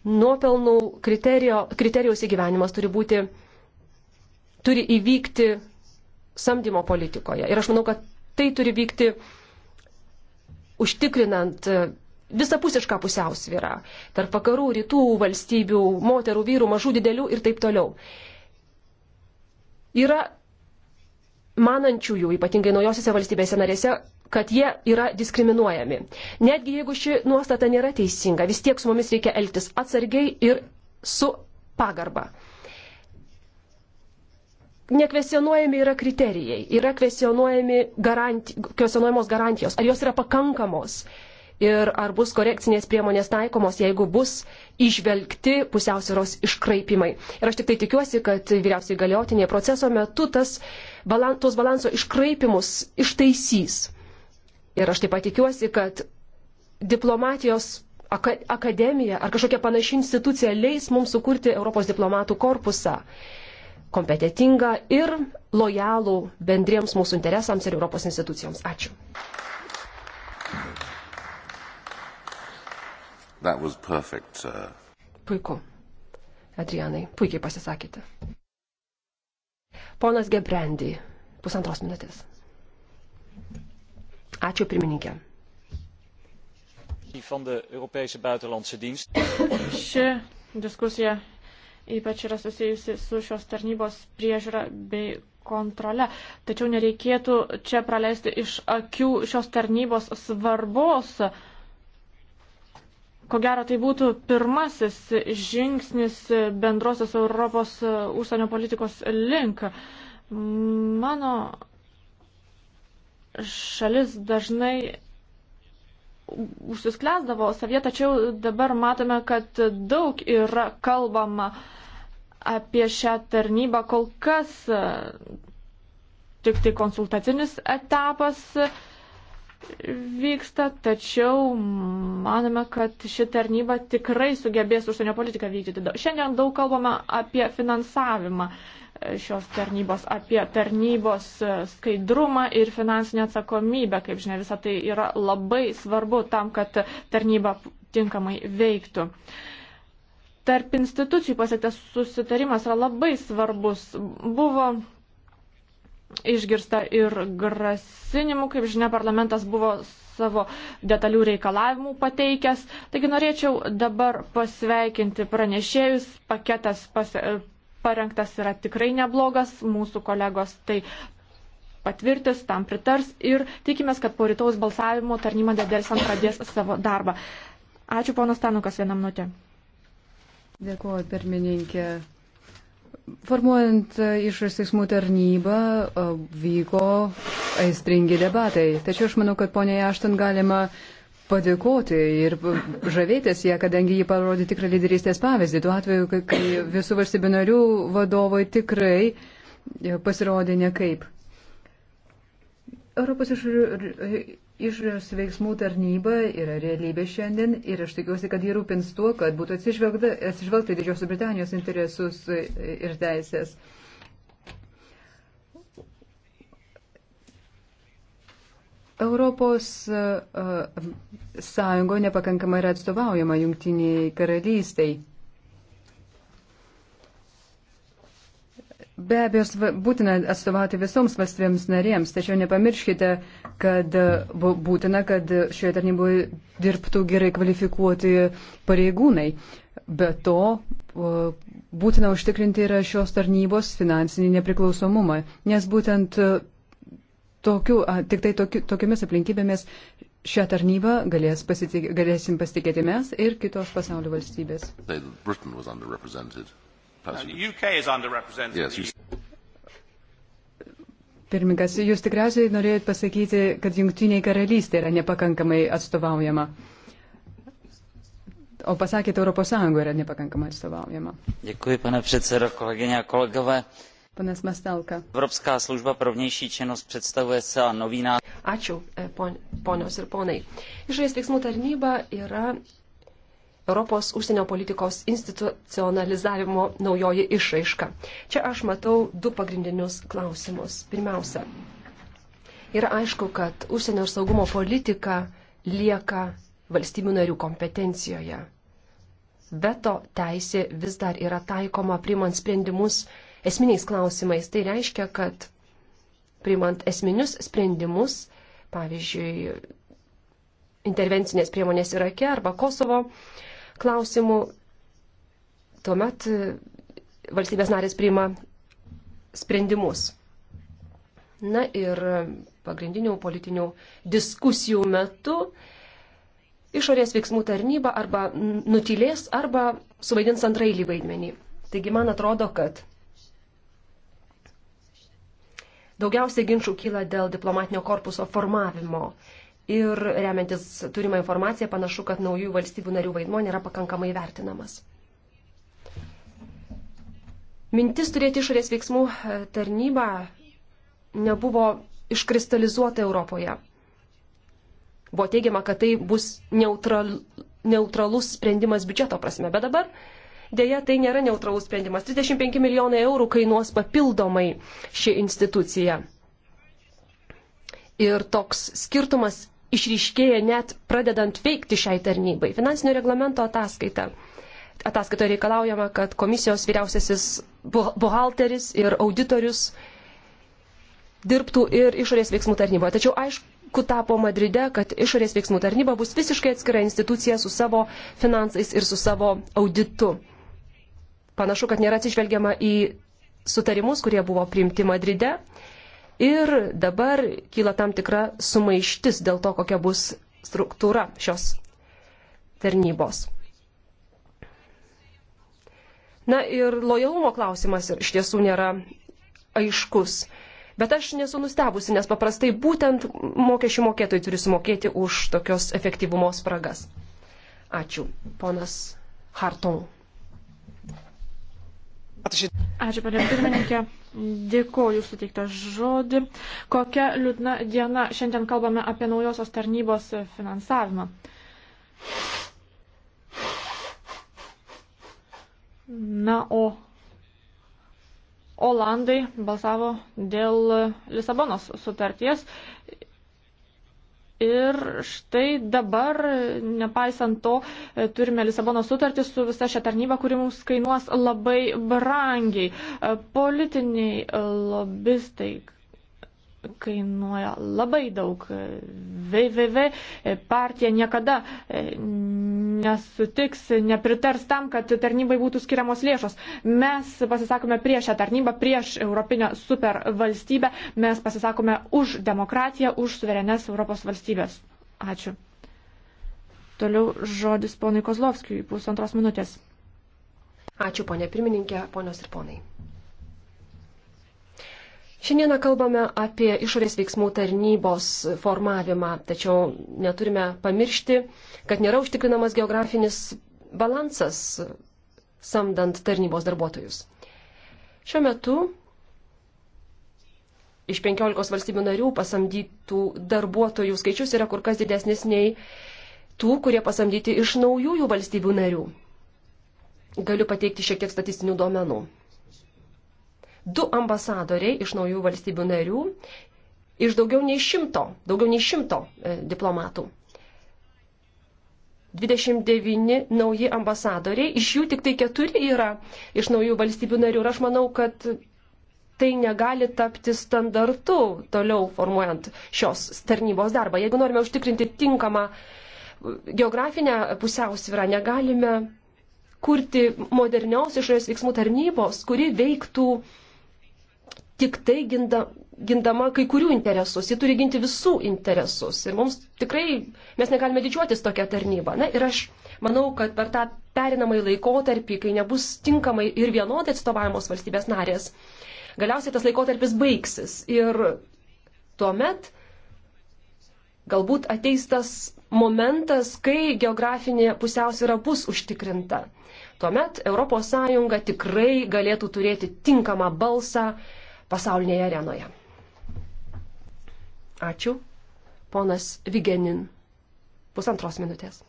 Nuopelnų kriterijo, kriterijaus įgyvenimas turi būti, turi įvykti samdymo politikoje. Ir aš manau, kad tai turi vykti užtikrinant e, visapusišką pusiausvyrą tarp vakarų, rytų valstybių, moterų, vyrų, mažų, didelių ir taip toliau. Yra manančiųjų, ypatingai naujosiose valstybėse narėse, kad jie yra diskriminuojami. Netgi jeigu ši nuostata nėra teisinga, vis tiek su mumis reikia elgtis atsargiai ir su pagarba nekvesionuojami yra kriterijai, yra garanti, kvesionuojamos garantijos, ar jos yra pakankamos ir ar bus korekcinės priemonės taikomos, jeigu bus išvelgti pusiausvėros iškraipimai. Ir aš tik tai tikiuosi, kad vyriausiai galiotinė proceso metu tas, balan, tuos balanso iškraipimus ištaisys. Ir aš taip pat tikiuosi, kad diplomatijos akademija ar kažkokia panaši institucija leis mums sukurti Europos diplomatų korpusą kompetitingą ir lojalų bendriems mūsų interesams ir Europos institucijoms. Ačiū. Perfect, uh... Puiku. Adrianai, puikiai pasisakėte. Ponas Gebrandy, pusantros minutės. Ačiū pirmininkė. Ši diskusija ypač yra susijusi su šios tarnybos priežiūra bei kontrole. Tačiau nereikėtų čia praleisti iš akių šios tarnybos svarbos. Ko gero, tai būtų pirmasis žingsnis bendrosios Europos užsienio politikos link. Mano šalis dažnai užsisklesdavo savyje, tačiau dabar matome, kad daug yra kalbama apie šią tarnybą. Kol kas tik tai konsultacinis etapas vyksta, tačiau manome, kad ši tarnyba tikrai sugebės užsienio politiką vykdyti. Šiandien daug kalbama apie finansavimą e, šios tarnybos, apie tarnybos e, skaidrumą ir finansinę atsakomybę. Kaip žinia, visa tai yra labai svarbu tam, kad tarnyba tinkamai veiktų. Tarp institucijų pasiektas susitarimas yra labai svarbus. Buvo išgirsta ir grasinimų, kaip žinia, parlamentas buvo savo detalių reikalavimų pateikęs. Taigi norėčiau dabar pasveikinti pranešėjus, paketas pas, parengtas yra tikrai neblogas, mūsų kolegos tai patvirtis, tam pritars ir tikimės, kad po rytaus balsavimo tarnyma dėdėlsant pradės savo darbą. Ačiū ponas Tanukas vienam minutė. Dėkuoju, pirmininkė. Formuojant e, išorės teismų tarnybą e, vyko aistringi debatai. Tačiau aš manau, kad poniai Ašton galima padėkoti ir žavėtis ją, kadangi ji parodė tikrą lyderystės pavyzdį. Tuo atveju, kai visų valstybių narių vadovai tikrai e, pasirodė nekaip. Europos išorių Išorės veiksmų tarnyba yra realybė šiandien ir aš tikiuosi, kad jį rūpins tuo, kad būtų atsižvelgta į Didžiosios Britanijos interesus e, ir teisės. Europos uh, sąjungo nepakankamai yra atstovaujama jungtiniai karalystiai. Be abejo, būtina atstovauti visoms valstybėms narėms, tačiau nepamirškite, uh, kad e, būtina, kad šioje tarnyboje dirbtų gerai kvalifikuoti pareigūnai. Be to, e, būtina užtikrinti yra šios tarnybos finansinį nepriklausomumą, nes būtent e, tokiu, tik tai tokiu, tokiamis aplinkybėmis šią tarnybą galės pasitik, galėsim pasitikėti mes ir kitos pasaulio valstybės. They, Pirmininkas, jūs tikriausiai norėjot pasakyti, kad jungtiniai karalystė yra nepakankamai atstovaujama. O pasakėte, Europos Sąjunga yra nepakankamai atstovaujama. Dėkui, pane předsedo, kolegyně a kolegové. Pane Smastelka. Evropská služba pro vnější činnost představuje se nový nástroj. Ačiū, e, ponios ir ponai. Išorės veiksmų tarnyba yra Europos užsienio politikos institucionalizavimo naujoji išraiška. Čia aš matau du pagrindinius klausimus. Pirmiausia, yra aišku, kad užsienio ir saugumo politika lieka valstybių narių kompetencijoje. Veto teisė vis dar yra taikoma priimant sprendimus esminiais klausimais. Tai reiškia, kad priimant esminius sprendimus, pavyzdžiui, intervencinės priemonės Irake arba Kosovo, klausimų, tuomet e, valstybės narės priima sprendimus. Na ir pagrindinių politinių diskusijų metu išorės veiksmų tarnyba arba nutilės, arba suvaidins antrailį vaidmenį. Taigi man atrodo, kad daugiausiai ginčių kyla dėl diplomatinio korpuso formavimo ir remiantis turimą informaciją panašu, kad naujų valstybių narių vaidmo nėra pakankamai vertinamas. Mintis turėti išorės veiksmų e, tarnybą nebuvo iškristalizuota Europoje. Buvo teigiama, kad tai bus neutral, neutralus sprendimas biudžeto prasme, bet dabar dėja tai nėra neutralus sprendimas. 35 milijonai eurų kainuos papildomai ši institucija. Ir toks skirtumas išryškėja net pradedant veikti šiai tarnybai. Finansinio reglamento ataskaita. Ataskaitoje reikalaujama, kad komisijos vyriausiasis buhalteris ir auditorius dirbtų ir išorės veiksmų tarnyboje. Tačiau aišku tapo Madride, kad išorės veiksmų tarnyba bus visiškai atskira institucija su savo finansais ir su savo auditu. Panašu, kad nėra atsižvelgiama į sutarimus, kurie buvo priimti Madride Ir dabar kyla tam tikra sumaištis dėl to, kokia bus struktūra šios tarnybos. Na ir lojalumo klausimas iš tiesų nėra aiškus. Bet aš nesu nustebusi, nes paprastai būtent mokesčių mokėtojai turi sumokėti už tokios efektyvumo spragas. Ačiū, ponas Hartung. Ačiū, panė pirmininkė. Dėkuoju suteiktą žodį. Kokia liūdna diena. Šiandien kalbame apie naujosios tarnybos finansavimą. Na, o Olandai balsavo dėl Lisabonos sutarties Ir štai dabar, nepaisant to, turime Lisabono sutartį su visa šia tarnyba, kuri mums kainuos labai brangiai. Politiniai lobistai kainuoja labai daug. VVV partija niekada nesutiks, nepritars tam, kad tarnybai būtų skiriamos lėšos. Mes pasisakome prieš šią tarnybą, prieš Europinę supervalstybę, mes pasisakome už demokratiją, už suverenės Europos valstybės. Ačiū. Toliau žodis ponui Kozlovskijui, pusantros minutės. Ačiū, ponė pirmininkė, ponios ir ponai. Šiandieną kalbame apie išorės veiksmų tarnybos formavimą, tačiau neturime pamiršti, kad nėra užtikrinamas geografinis balansas samdant tarnybos darbuotojus. Šiuo metu iš 15 valstybių narių pasamdytų darbuotojų skaičius yra kur kas didesnis nei tų, kurie pasamdyti iš naujųjų valstybių narių. Galiu pateikti šiek tiek statistinių duomenų du ambasadoriai iš naujų valstybių narių, iš daugiau nei šimto, daugiau nei šimto e, diplomatų. 29 nauji ambasadoriai, iš jų tik tai keturi yra iš naujų valstybių narių ir aš manau, kad tai negali tapti standartu toliau formuojant šios tarnybos darbą. Jeigu norime užtikrinti tinkamą e, geografinę pusiausvyrą, negalime kurti modernios išorės veiksmų tarnybos, kuri veiktų uh, tik tai ginda, gindama kai kurių interesus, ji turi ginti visų interesus. Ir mums tikrai, mes negalime didžiuotis tokią tarnybą. Na ir aš manau, kad per tą perinamąjį laikotarpį, kai nebus tinkamai ir vienodai atstovavimas valstybės narės, galiausiai tas laikotarpis baigsis. Ir tuomet galbūt ateis tas momentas, kai geografinė pusiausvyrą bus užtikrinta. Tuomet ES tikrai galėtų turėti tinkamą balsą pasaulinėje arenoje. Ačiū. Ponas Vigenin. Pusantros minutės.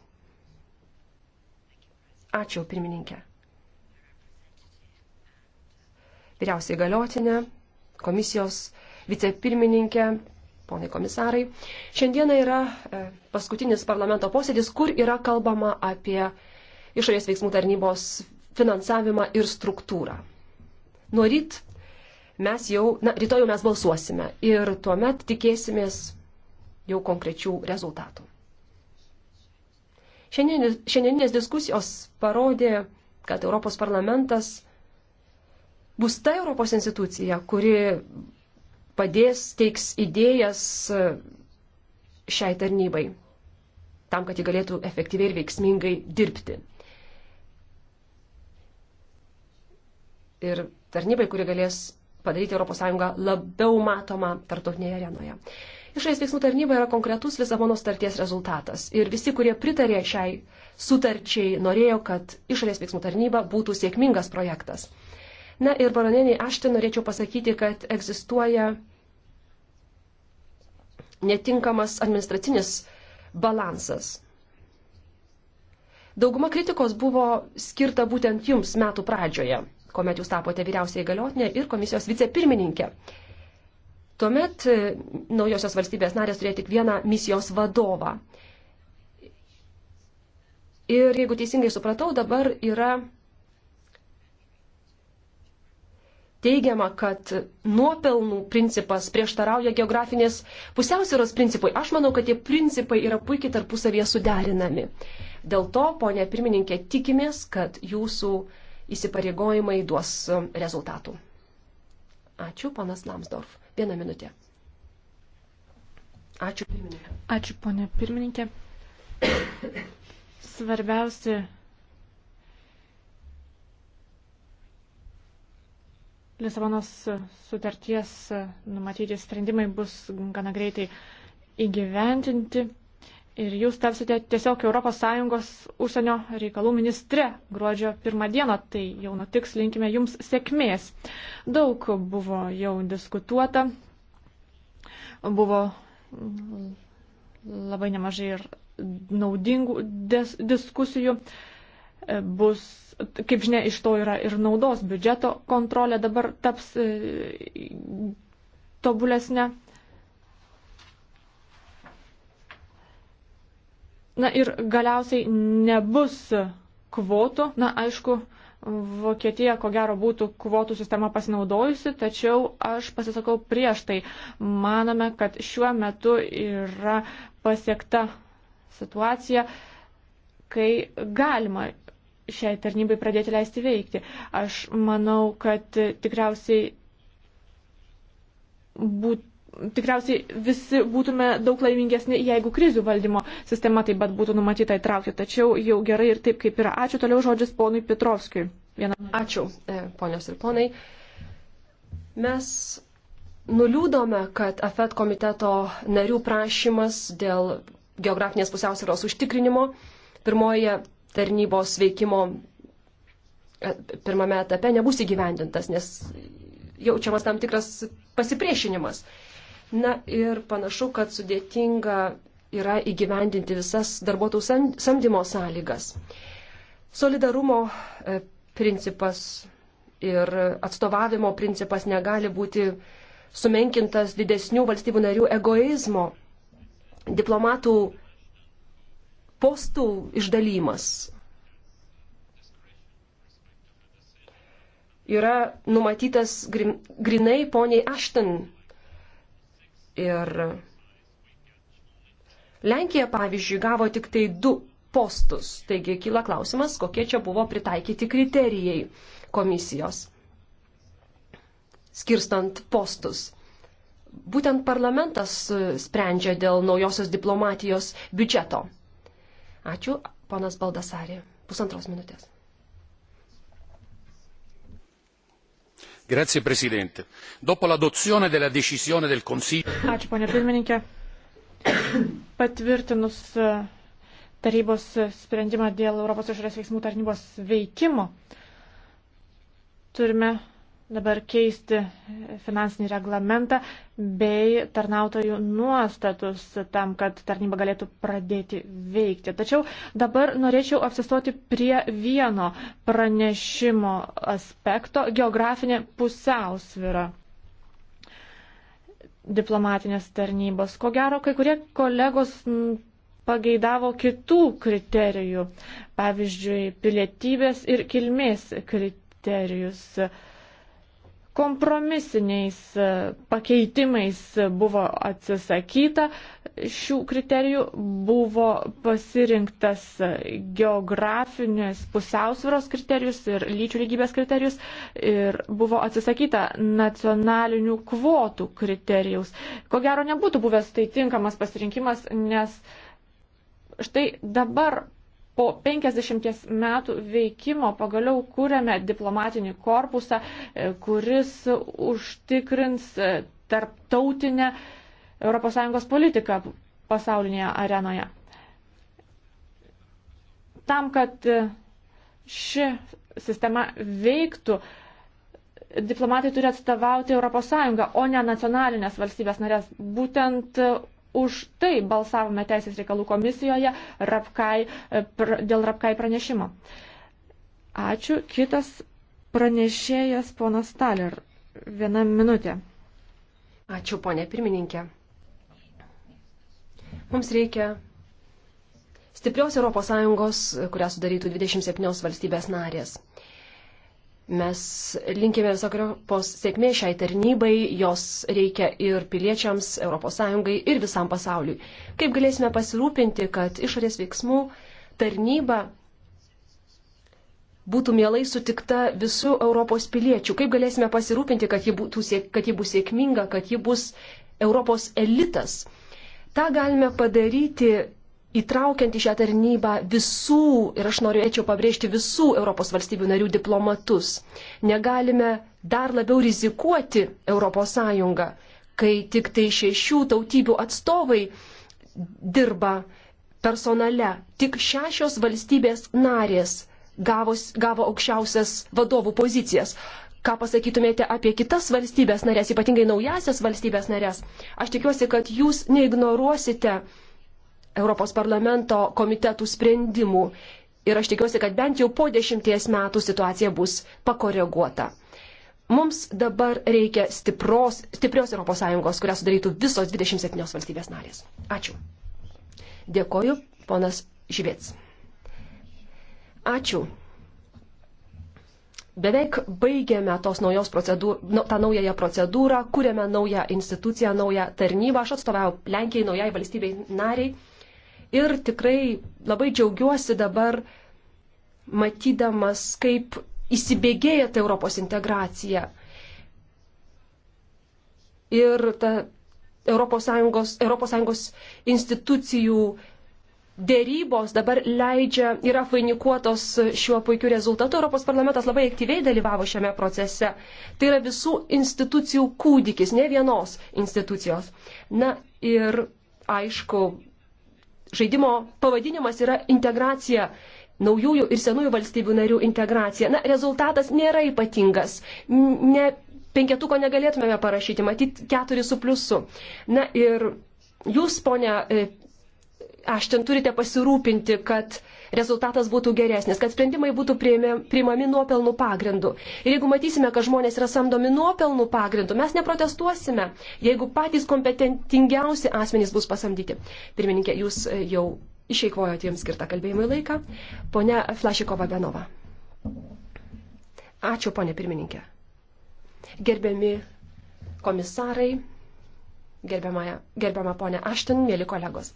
Ačiū, pirmininkė. Vyriausiai galiotinė, komisijos vicepirmininkė, ponai komisarai. Šiandieną yra e, paskutinis parlamento posėdis, kur yra kalbama apie išorės veiksmų tarnybos finansavimą ir struktūrą. Nuo ryt mes jau, na, rytoj jau mes balsuosime ir tuomet tikėsimės jau konkrečių rezultatų. Šiandieninės diskusijos parodė, kad Europos parlamentas bus ta Europos institucija, kuri padės, teiks idėjas e, šiai tarnybai, tam, kad ji galėtų efektyviai ir veiksmingai dirbti. Ir tarnybai, kuri galės padaryti ES labiau matomą tarptautinėje arenoje. Išorės veiksmų tarnyba yra konkretus Lisabono starties rezultatas ir visi, kurie pritarė šiai sutarčiai, norėjo, kad išorės veiksmų tarnyba būtų sėkmingas projektas. Na ir baronieniai Aštė norėčiau pasakyti, kad egzistuoja netinkamas administracinis balansas. Dauguma kritikos buvo skirta būtent jums metų pradžioje kuomet jūs tapote vyriausiai galiotinė ir komisijos vicepirmininkė. Tuomet e, naujosios valstybės narės turėjo tik vieną misijos vadovą. Ir jeigu teisingai supratau, dabar yra teigiama, kad nuopelnų principas prieštarauja geografinės pusiausvėros principui. Aš manau, kad tie principai yra puikiai tarpusavėje suderinami. Dėl to, ponė pirmininkė, tikimės, kad jūsų uh, įsipareigojimai duos um, rezultatų. Ačiū, panas Lamsdorf. Vieną minutę. Ačiū, pirmininkė. Ačiū, ponė pirmininkė. Svarbiausi Lisabonos sutarties numatyti sprendimai bus gana greitai įgyventinti ir jūs tapsite tiesiog ES užsienio reikalų ministre gruodžio pirmą dieną, tai jau nutiks, linkime jums sėkmės. Daug buvo jau diskutuota, buvo labai nemažai ir naudingų dis diskusijų. Bus, kaip žinia, iš to yra ir naudos. Biudžeto kontrolė dabar taps e, tobulesnė Na ir galiausiai nebus kvotų. Na, aišku, Vokietija ko gero būtų kvotų sistema pasinaudojusi, tačiau aš pasisakau prieš tai. Manome, kad šiuo metu yra pasiekta situacija, kai galima šiai tarnybai pradėti leisti veikti. Aš manau, kad tikriausiai būtų tikriausiai visi būtume daug laimingesni, jeigu krizių valdymo sistema taip pat būtų numatyta įtraukti. Tačiau jau gerai ir taip, kaip yra. Ačiū toliau žodžius ponui Petrovskijui. Viena. Ačiū, e, ponios ir ponai. Mes nuliūdome, kad AFET komiteto narių prašymas dėl geografinės pusiausvėros užtikrinimo pirmoje tarnybos veikimo e, pirmame etape nebus įgyvendintas, nes jaučiamas tam tikras pasipriešinimas. Na ir panašu, kad sudėtinga yra įgyvendinti visas darbuotojų samdymo sąlygas. Solidarumo e, principas ir atstovavimo principas negali būti sumenkintas didesnių valstybių narių egoizmo, diplomatų postų išdalymas. Yra numatytas grinai poniai Ashton Ir Lenkija, pavyzdžiui, gavo tik tai du postus. Taigi kyla klausimas, kokie čia buvo pritaikyti kriterijai komisijos, skirstant postus. Būtent parlamentas sprendžia dėl naujosios diplomatijos biudžeto. Ačiū, ponas Baldasarė. Pusantros minutės. Grazie Presidente. Dopo l'adozione della decisione del Consiglio. Ačiū, ponia pirmininkė. Patvirtinus e, tarybos sprendimą dėl Europos išorės veiksmų tarnybos veikimo, turime dabar keisti finansinį reglamentą bei tarnautojų nuostatus tam, kad tarnyba galėtų pradėti veikti. Tačiau dabar norėčiau apsistoti prie vieno pranešimo aspekto - geografinė pusiausvyra diplomatinės tarnybos. Ko gero, kai kurie kolegos pageidavo kitų kriterijų, pavyzdžiui, pilietybės ir kilmės kriterijus kompromisiniais e, pakeitimais buvo atsisakyta šių kriterijų, buvo pasirinktas geografinės pusiausvėros kriterijus ir lyčių lygybės kriterijus ir buvo atsisakyta nacionalinių kvotų kriterijaus. Ko gero nebūtų buvęs tai tinkamas pasirinkimas, nes štai dabar po 50 metų veikimo pagaliau kūrėme diplomatinį korpusą, e, kuris užtikrins e, tarptautinę ES politiką pasaulinėje arenoje. Tam, kad e, ši sistema veiktų, diplomatai turi atstovauti ES, o ne nacionalinės valstybės narės. Būtent už tai balsavome Teisės reikalų komisijoje rapkai, e, pr, dėl Rapkai pranešimo. Ačiū. Kitas pranešėjas ponas Taler. Viena minutė. Ačiū, ponė pirmininkė. Mums reikia stiprios ES, kurią sudarytų 27 valstybės narės. Mes linkime visokriopos sėkmės šiai tarnybai, jos reikia ir piliečiams, ES ir visam pasauliui. Kaip galėsime pasirūpinti, kad išorės veiksmų tarnyba būtų mielai sutikta visų Europos piliečių? Kaip galėsime pasirūpinti, kad ji, būtų, kad ji bus sėkminga, kad ji bus Europos elitas? Ta galime padaryti įtraukiant į šią tarnybą visų, ir aš norėčiau pabrėžti visų Europos valstybių narių diplomatus. Negalime dar labiau rizikuoti ES, kai tik tai šešių tautybių atstovai dirba personale. Tik šešios valstybės narės gavos, gavo aukščiausias vadovų pozicijas. Ką pasakytumėte apie kitas valstybės narės, ypatingai naujasias valstybės narės? Aš tikiuosi, kad jūs neignoruosite uh, Europos parlamento komitetų sprendimų. Ir aš tikiuosi, kad bent jau po dešimties metų situacija bus pakoreguota. Mums dabar reikia stipros, stiprios ES, kurią sudarytų visos 27 valstybės narės. Ačiū. Dėkoju, ponas Živėts. Ačiū. Beveik baigėme tos naujos procedūr, nu, tą naująją procedūrą, kūrėme naują instituciją, naują tarnybą. Aš atstovauju Lenkijai, naujai valstybei nariai ir tikrai labai džiaugiuosi dabar matydamas, kaip įsibėgėja ta Europos integracija. Ir ta Europos Sąjungos, Europos Sąjungos institucijų dėrybos dabar leidžia, yra vainikuotos šiuo puikiu rezultatu. Europos parlamentas labai aktyviai dalyvavo šiame procese. Tai yra visų institucijų kūdikis, ne vienos institucijos. Na ir aišku, žaidimo pavadinimas yra integracija. Naujųjų ir senųjų valstybių narių integracija. Na, rezultatas nėra ypatingas. Ne, penketuko negalėtumėme parašyti, matyt, keturi su pliusu. Na ir jūs, ponia e, aš ten turite pasirūpinti, kad rezultatas būtų geresnis, kad sprendimai būtų priimami nuopelnų pagrindų. Ir jeigu matysime, kad žmonės yra samdomi nuopelnų pagrindų, mes neprotestuosime, jeigu patys kompetentingiausi asmenys bus pasamdyti. Pirmininkė, jūs e, jau išeikvojot jiems skirtą kalbėjimui laiką. Pone Flašikova Benova. Ačiū, ponė pirmininkė. Gerbiami komisarai, gerbiama, gerbiama ponė Ašten, mėly kolegos.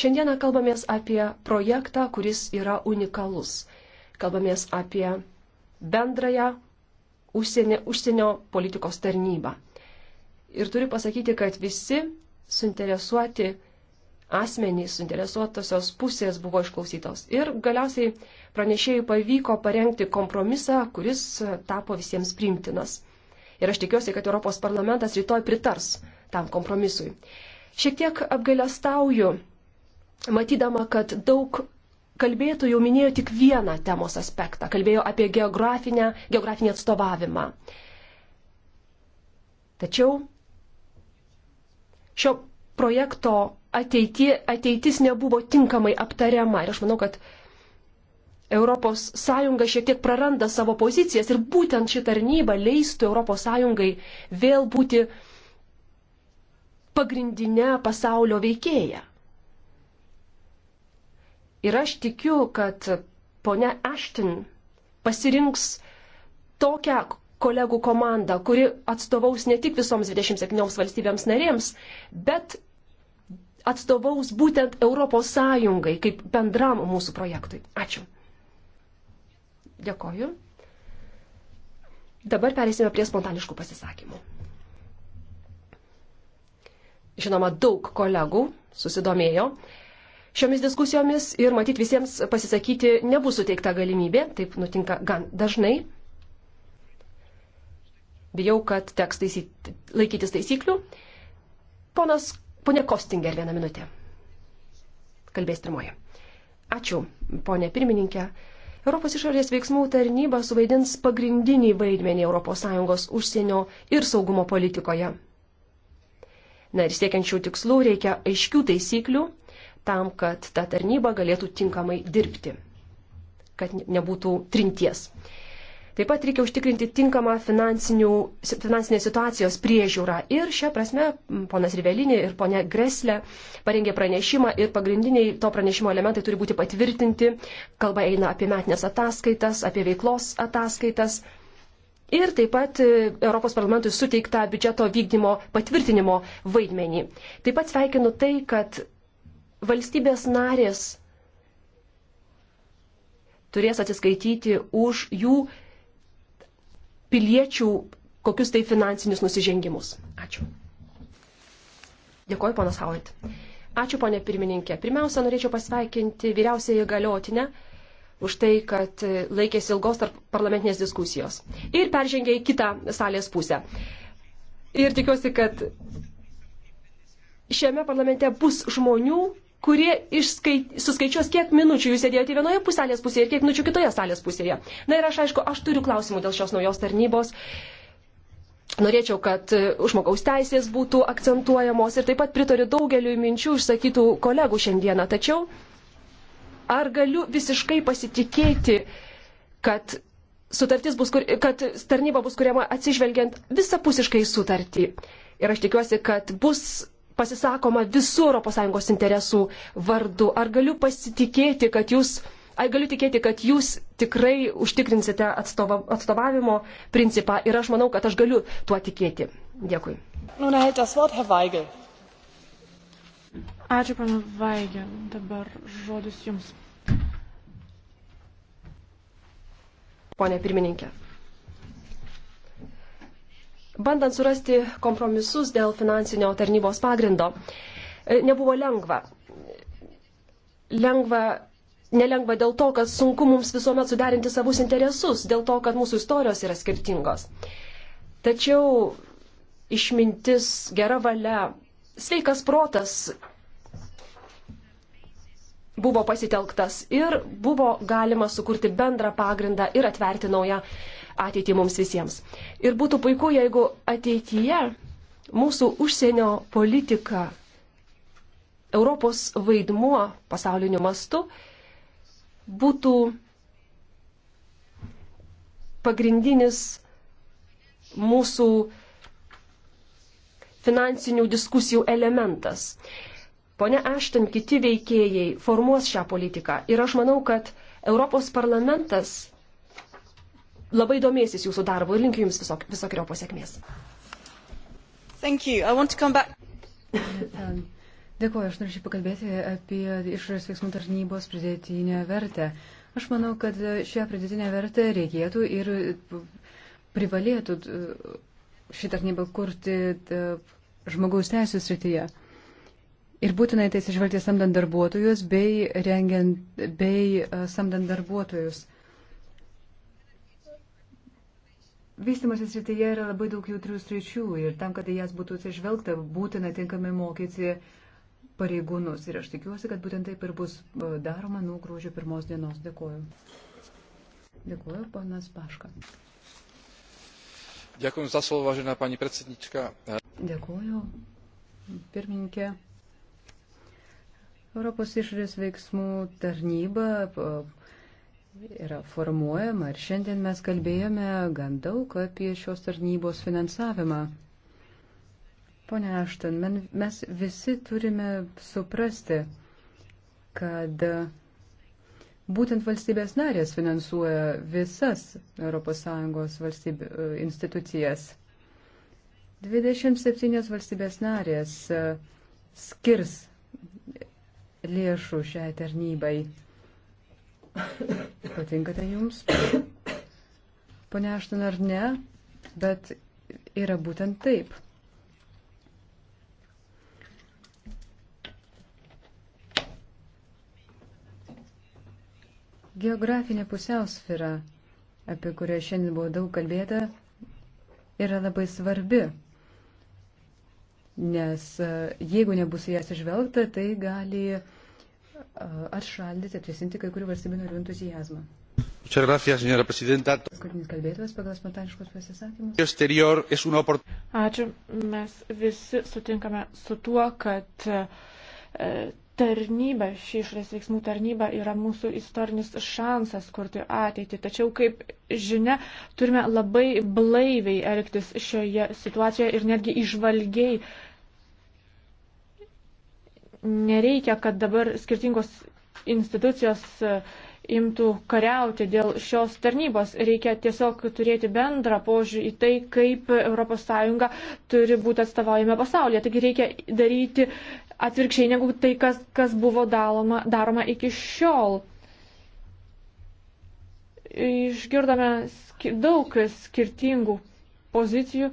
Šiandieną kalbamės apie projektą, kuris yra unikalus. Kalbamės apie bendrąją užsienio, užsienio politikos tarnybą. Ir turiu pasakyti, kad visi suinteresuoti asmenys, suinteresuotosios pusės buvo išklausytos. Ir galiausiai pranešėjai pavyko parengti kompromisą, kuris tapo visiems priimtinas. Ir aš tikiuosi, kad Europos parlamentas rytoj pritars tam kompromisui. Šiek tiek apgailestauju matydama, kad daug kalbėtojų minėjo tik vieną temos aspektą, kalbėjo apie geografinę, geografinį atstovavimą. Tačiau šio projekto ateiti, ateitis nebuvo tinkamai aptariama ir aš manau, kad ES šiek tiek praranda savo pozicijas ir būtent ši tarnyba leistų ES vėl būti pagrindinę pasaulio veikėją. Ir aš tikiu, kad ponia Ashton pasirinks tokią kolegų komandą, kuri atstovaus ne tik visoms 27 valstybėms narėms, bet atstovaus būtent Europos Sąjungai kaip bendram mūsų projektui. Ačiū. Dėkoju. Dabar perėsime prie spontaniškų pasisakymų. Žinoma, daug kolegų susidomėjo šiomis diskusijomis ir matyt visiems pasisakyti nebus suteikta galimybė, taip nutinka gan dažnai. Bijau, kad teks taisy... laikytis taisyklių. Ponas, ponė Kostinger, vieną minutę. Kalbės pirmoji. Ačiū, ponė pirmininkė. Europos išorės veiksmų tarnyba suvaidins pagrindinį vaidmenį ES užsienio ir saugumo politikoje. Na ir siekiančių tikslų reikia aiškių taisyklių tam, kad ta tarnyba galėtų tinkamai dirbti, kad nebūtų trinties. Taip pat reikia užtikrinti tinkamą finansinės situacijos priežiūrą. Ir šią prasme, ponas Rivelinė ir ponė Greslė parengė pranešimą ir pagrindiniai to pranešimo elementai turi būti patvirtinti. Kalba eina apie metinės ataskaitas, apie veiklos ataskaitas. Ir taip pat e, Europos parlamentui suteikta biudžeto vykdymo patvirtinimo vaidmenį. Taip pat sveikinu tai, kad valstybės narės turės atsiskaityti už jų piliečių kokius tai finansinius nusižengimus. Ačiū. Dėkoju, ponas Hauit. Ačiū, ponė pirmininkė. Pirmiausia, norėčiau pasveikinti vyriausiąją galiotinę už tai, kad laikėsi ilgos tarp parlamentinės diskusijos ir peržengė į kitą salės pusę. Ir tikiuosi, kad šiame parlamente bus žmonių, kurie išskait, suskaičiuos, kiek minučių jūs sėdėjote vienoje salės pusėje ir kiek minučių kitoje salės pusėje. Na ir aš, aišku, aš turiu klausimų dėl šios naujos tarnybos. Norėčiau, kad e, žmogaus teisės būtų akcentuojamos ir taip pat pritariu daugeliu minčių išsakytų kolegų šiandieną. Tačiau ar galiu visiškai pasitikėti, kad sutartis bus, kad tarnyba bus kuriama atsižvelgiant visapusiškai sutartį? Ir aš tikiuosi, kad bus pasisakoma visų ES interesų vardu. Ar galiu pasitikėti, kad jūs, ar galiu tikėti, kad jūs tikrai užtikrinsite atstova, atstovavimo principą ir aš manau, kad aš galiu tuo tikėti. Dėkui. Nun erhält das Wort Herr Weigel. Ačiū, pana Vaigė. Dabar žodis jums. Pone pirmininkė bandant surasti kompromisus dėl finansinio tarnybos pagrindo, e, nebuvo lengva. Lengva, nelengva dėl to, kad sunku mums visuomet suderinti savus interesus, dėl to, kad mūsų istorijos yra skirtingos. Tačiau išmintis, gera valia, sveikas protas buvo pasitelktas ir buvo galima sukurti bendrą pagrindą ir atverti naują ateitį mums visiems. Ir būtų puiku, jeigu ateityje mūsų užsienio politika, Europos vaidmuo pasauliniu mastu būtų pagrindinis mūsų finansinių diskusijų elementas. Pone Ašten, kiti veikėjai formuos šią politiką ir aš manau, kad Europos parlamentas labai domėsis jūsų darbu ir linkiu jums visok, visokio pasiekmės. Dėkuoju, aš norėčiau pakalbėti apie išorės veiksmų tarnybos pridėtinę vertę. Aš manau, kad šią pridėtinę vertę reikėtų ir privalėtų e, šį tarnybą kurti e, žmogaus teisų srityje. Ir būtinai tai atsižvelgti samdant darbuotojus bei, rengiant, bei e, samdant darbuotojus. Vystimasis srityje yra labai daug jautrių sričių ir tam, kad į jas būtų atsižvelgta, būtina tinkamai mokyti pareigūnus. Ir aš tikiuosi, kad būtent taip ir bus e, daroma nuo gruodžio pirmos dienos. Dėkuoju. Dėkuoju, panas Paška. Dėkuoju za slovo, vážená pani predsednička. Dėkuoju, pirmininkė. Europos išorės veiksmų tarnyba e, yra formuojama ir šiandien mes kalbėjome gan daug apie šios tarnybos finansavimą. Pone Ašton, men, mes visi turime suprasti, kad būtent valstybės narės finansuoja visas ES valstybė, institucijas. 27 valstybės narės e, skirs lėšų šiai tarnybai. Patinkate jums? Pone Aštan ar ne, bet yra būtent taip. Geografinė pusiausvyrą, apie kurią šiandien buvo daug kalbėta, yra labai svarbi, nes e, jeigu nebus į jas išvelgta, tai gali uh, atšaldyti, atvėsinti kai kurių valstybių narių entuzijazmą. Muchas gracias, señora presidenta. Paskutinis kalbėtojas pagal spontaniškus pasisakymus. Ačiū. Mes visi sutinkame su tuo, kad e, tarnyba, ši išorės veiksmų tarnyba yra mūsų istorinis šansas kurti ateitį. Tačiau, kaip žinia, turime labai blaiviai elgtis šioje situacijoje ir netgi išvalgiai uh, nereikia, kad dabar skirtingos institucijos e, imtų kariauti dėl šios tarnybos. Reikia tiesiog turėti bendrą požiūrį į tai, kaip ES turi būti atstovaujama pasaulyje. Taigi reikia daryti atvirkščiai negu tai, kas, kas buvo daloma, daroma iki šiol. Išgirdome skir daug skirtingų pozicijų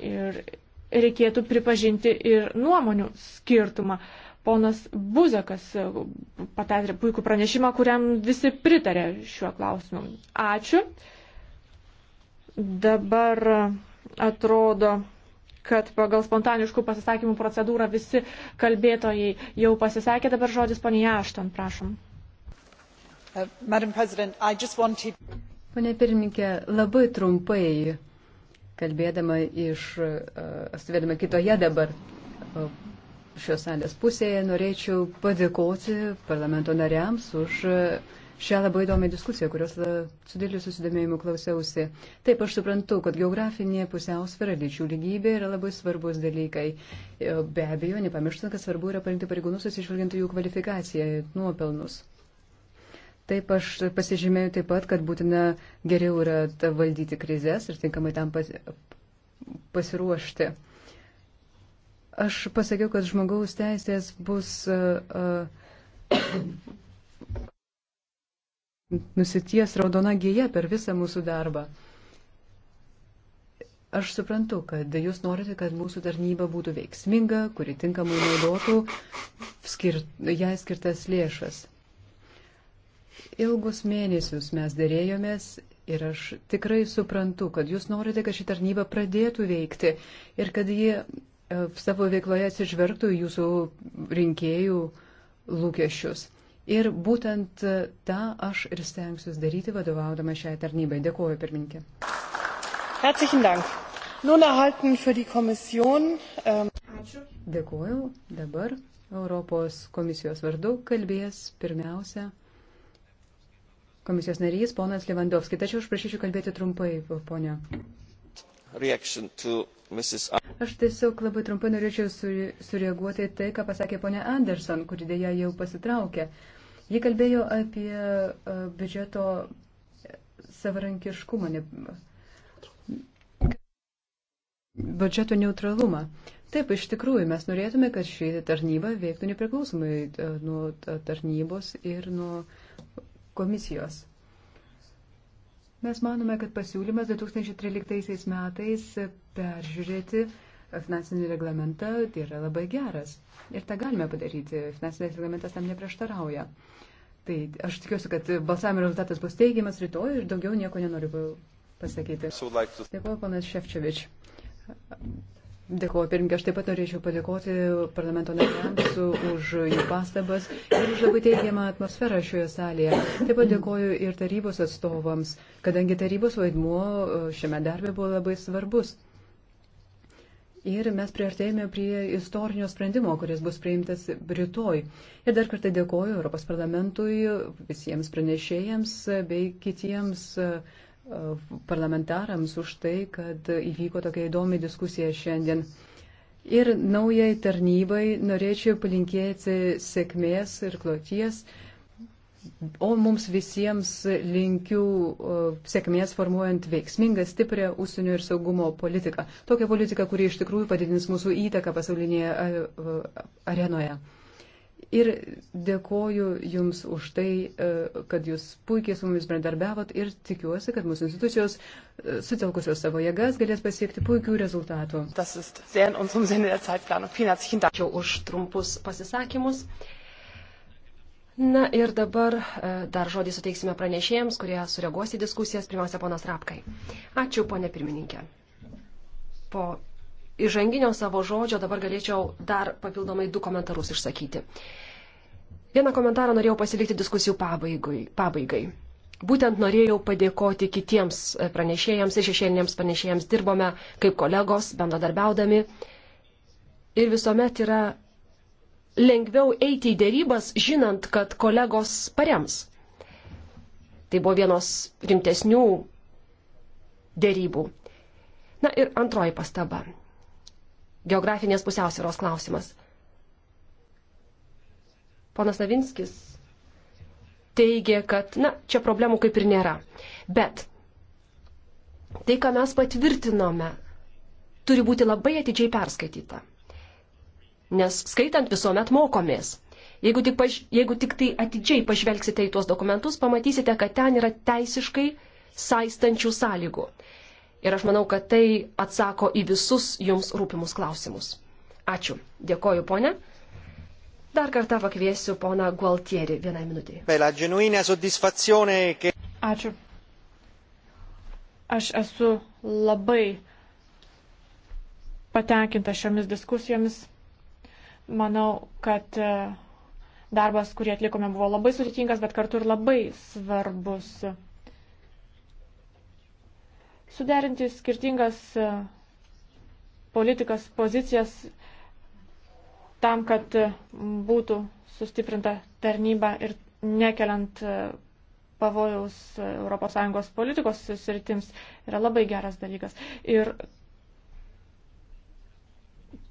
ir reikėtų pripažinti ir nuomonių skirtumą. Uh, Ponas Buzekas patarė puikų pranešimą, kuriam visi pritarė šiuo klausimu. Ačiū. Dabar atrodo, kad pagal spontaniškų pasisakymų procedūrą visi kalbėtojai jau pasisakė. Dabar žodis ponė Ašton, prašom. Uh, Pane pirmininkė, labai trumpai, kalbėdama iš, uh, stovėdama kitoje dabar uh, šios salės pusėje norėčiau padėkoti parlamento nariams už šią labai įdomią diskusiją, kurios su dėliu susidomėjimu klausiausi. Taip, aš suprantu, kad geografinė pusiausvėra, lyčių lygybė yra labai svarbus dalykai. E, be abejo, nepamirštant, kad svarbu yra parinkti pareigūnus, atsižvelgiant jų kvalifikaciją, nuopelnus. Taip, aš pasižymėjau taip pat, kad būtina geriau yra valdyti krizės ir tinkamai tam pasiruošti. Aš pasakiau, kad žmogaus teisės bus uh, nusities raudona gyja per visą mūsų darbą. Aš suprantu, kad jūs norite, kad mūsų tarnyba būtų veiksminga, kuri tinkamai naudotų skirt, jai skirtas lėšas. Ilgus mėnesius mes dėrėjomės ir aš tikrai suprantu, kad jūs norite, kad ši tarnyba pradėtų veikti ir kad ji savo veikloje atsižvergtų jūsų rinkėjų lūkesčius. Ir būtent e, tą aš ir stengsiuos daryti, vadovaudama šiai tarnybai. Dėkuoju, pirmininkė. Herzlichen Dank. Nun erhalten für die Kommission. Ähm Ačiū. Dėkuoju. Dabar Europos komisijos vardu kalbės pirmiausia komisijos narys ponas Levandovskis. Tačiau aš prašyčiau kalbėti trumpai, ponia. Reaction to Aš tiesiog labai trumpai norėčiau sureaguoti tai, ką pasakė ponia Anderson, kuri dėja jau pasitraukė. Ji kalbėjo apie e, biudžeto e, savarankiškumą, ne, biudžeto neutralumą. Taip, iš tikrųjų, mes norėtume, kad ši tarnyba veiktų nepriklausomai e, nuo tarnybos ir nuo komisijos. Mes manome, kad pasiūlymas 2013 metais peržiūrėti finansinį reglamentą tai yra labai geras. Ir tą galime padaryti. Finansinis reglamentas tam neprieštarauja. Tai aš tikiuosi, kad balsavimo rezultatas bus teigiamas rytoj ir daugiau nieko nenoriu pasakyti. Dėkuoju, panas Šefčiovič. Dėkuoju, pirmininkė, aš taip pat norėčiau padėkoti parlamento nariams už jų pastabas ir už labai teigiamą atmosferą šioje salėje. Taip pat dėkuoju ir tarybos atstovams, kadangi tarybos vaidmuo e, šiame darbe buvo labai svarbus. Ir mes priartėjame prie istorinio sprendimo, kuris bus priimtas rytoj. Ir dar kartą dėkoju Europos parlamentui, visiems pranešėjams bei kitiems uh, parlamentarams už tai, kad įvyko tokia įdomi diskusija šiandien. Ir naujai tarnybai norėčiau palinkėti sėkmės ir kloties, o mums visiems linkiu sėkmės formuojant veiksmingą, stiprią užsienio ir saugumo politiką. Tokią politiką, kuri iš tikrųjų padidins mūsų įtaką pasaulinėje arenoje. Ir dėkoju Jums už tai, e, kad Jūs puikiai su mumis bendarbiavot ir tikiuosi, kad mūsų institucijos e, sutelkusios savo jėgas galės pasiekti puikių rezultatų. Ačiū už trumpus pasisakymus. Na ir dabar e, dar žodį suteiksime pranešėjams, kurie sureaguos į diskusijas. Pirmiausia, ponas Rapkai. Ačiū, ponė pirmininkė. Po įžanginio savo žodžio dabar galėčiau dar papildomai du komentarus išsakyti. Vieną komentarą norėjau pasilikti diskusijų pabaigui, pabaigai. Būtent norėjau padėkoti kitiems pranešėjams ir šešėlinėms pranešėjams. Dirbome kaip kolegos, bendradarbiaudami. Ir visuomet yra lengviau eiti į dėrybas, žinant, kad kolegos parems. Tai buvo vienos rimtesnių dėrybų. Na ir antroji pastaba geografinės pusiausvėros klausimas. Ponas Navinskis teigė, kad, na, čia problemų kaip ir nėra. Bet tai, ką mes patvirtinome, turi būti labai atidžiai perskaityta. Nes skaitant visuomet mokomės. Jeigu tik, paž... Jeigu tik tai atidžiai pažvelgsite į tuos dokumentus, pamatysite, kad ten yra teisiškai saistančių sąlygų. Ir aš manau, kad tai atsako į visus jums rūpimus klausimus. Ačiū. Dėkoju, ponė. Dar kartą pakviesiu poną Gualtieri vienai minutiai. Ačiū. Aš esu labai patenkinta šiomis diskusijomis. Manau, kad e, darbas, kurį atlikome, buvo labai sudėtingas, bet kartu ir labai svarbus suderinti skirtingas e, politikas pozicijas tam, kad e, būtų sustiprinta tarnyba ir nekeliant e, pavojaus ES politikos sritims yra labai geras dalykas. Ir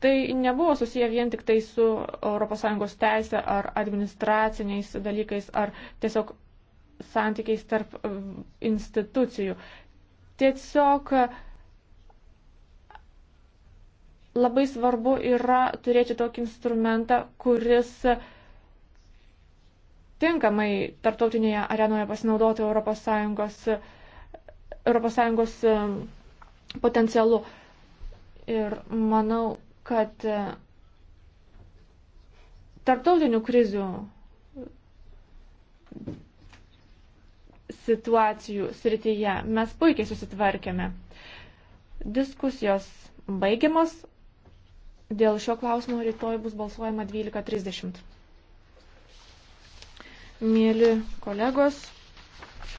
tai nebuvo susiję vien tik tai su ES teisė ar administraciniais dalykais ar tiesiog santykiais tarp institucijų. Tiesiog labai svarbu yra turėti tokį instrumentą, kuris tinkamai tarptautinėje arenoje pasinaudotų ES, ES um, potencialu. Ir manau, kad uh, tarptautinių krizių situacijų srityje mes puikiai susitvarkėme. Diskusijos baigiamos. Dėl šio klausimo rytoj bus balsuojama 12.30. Mėly kolegos,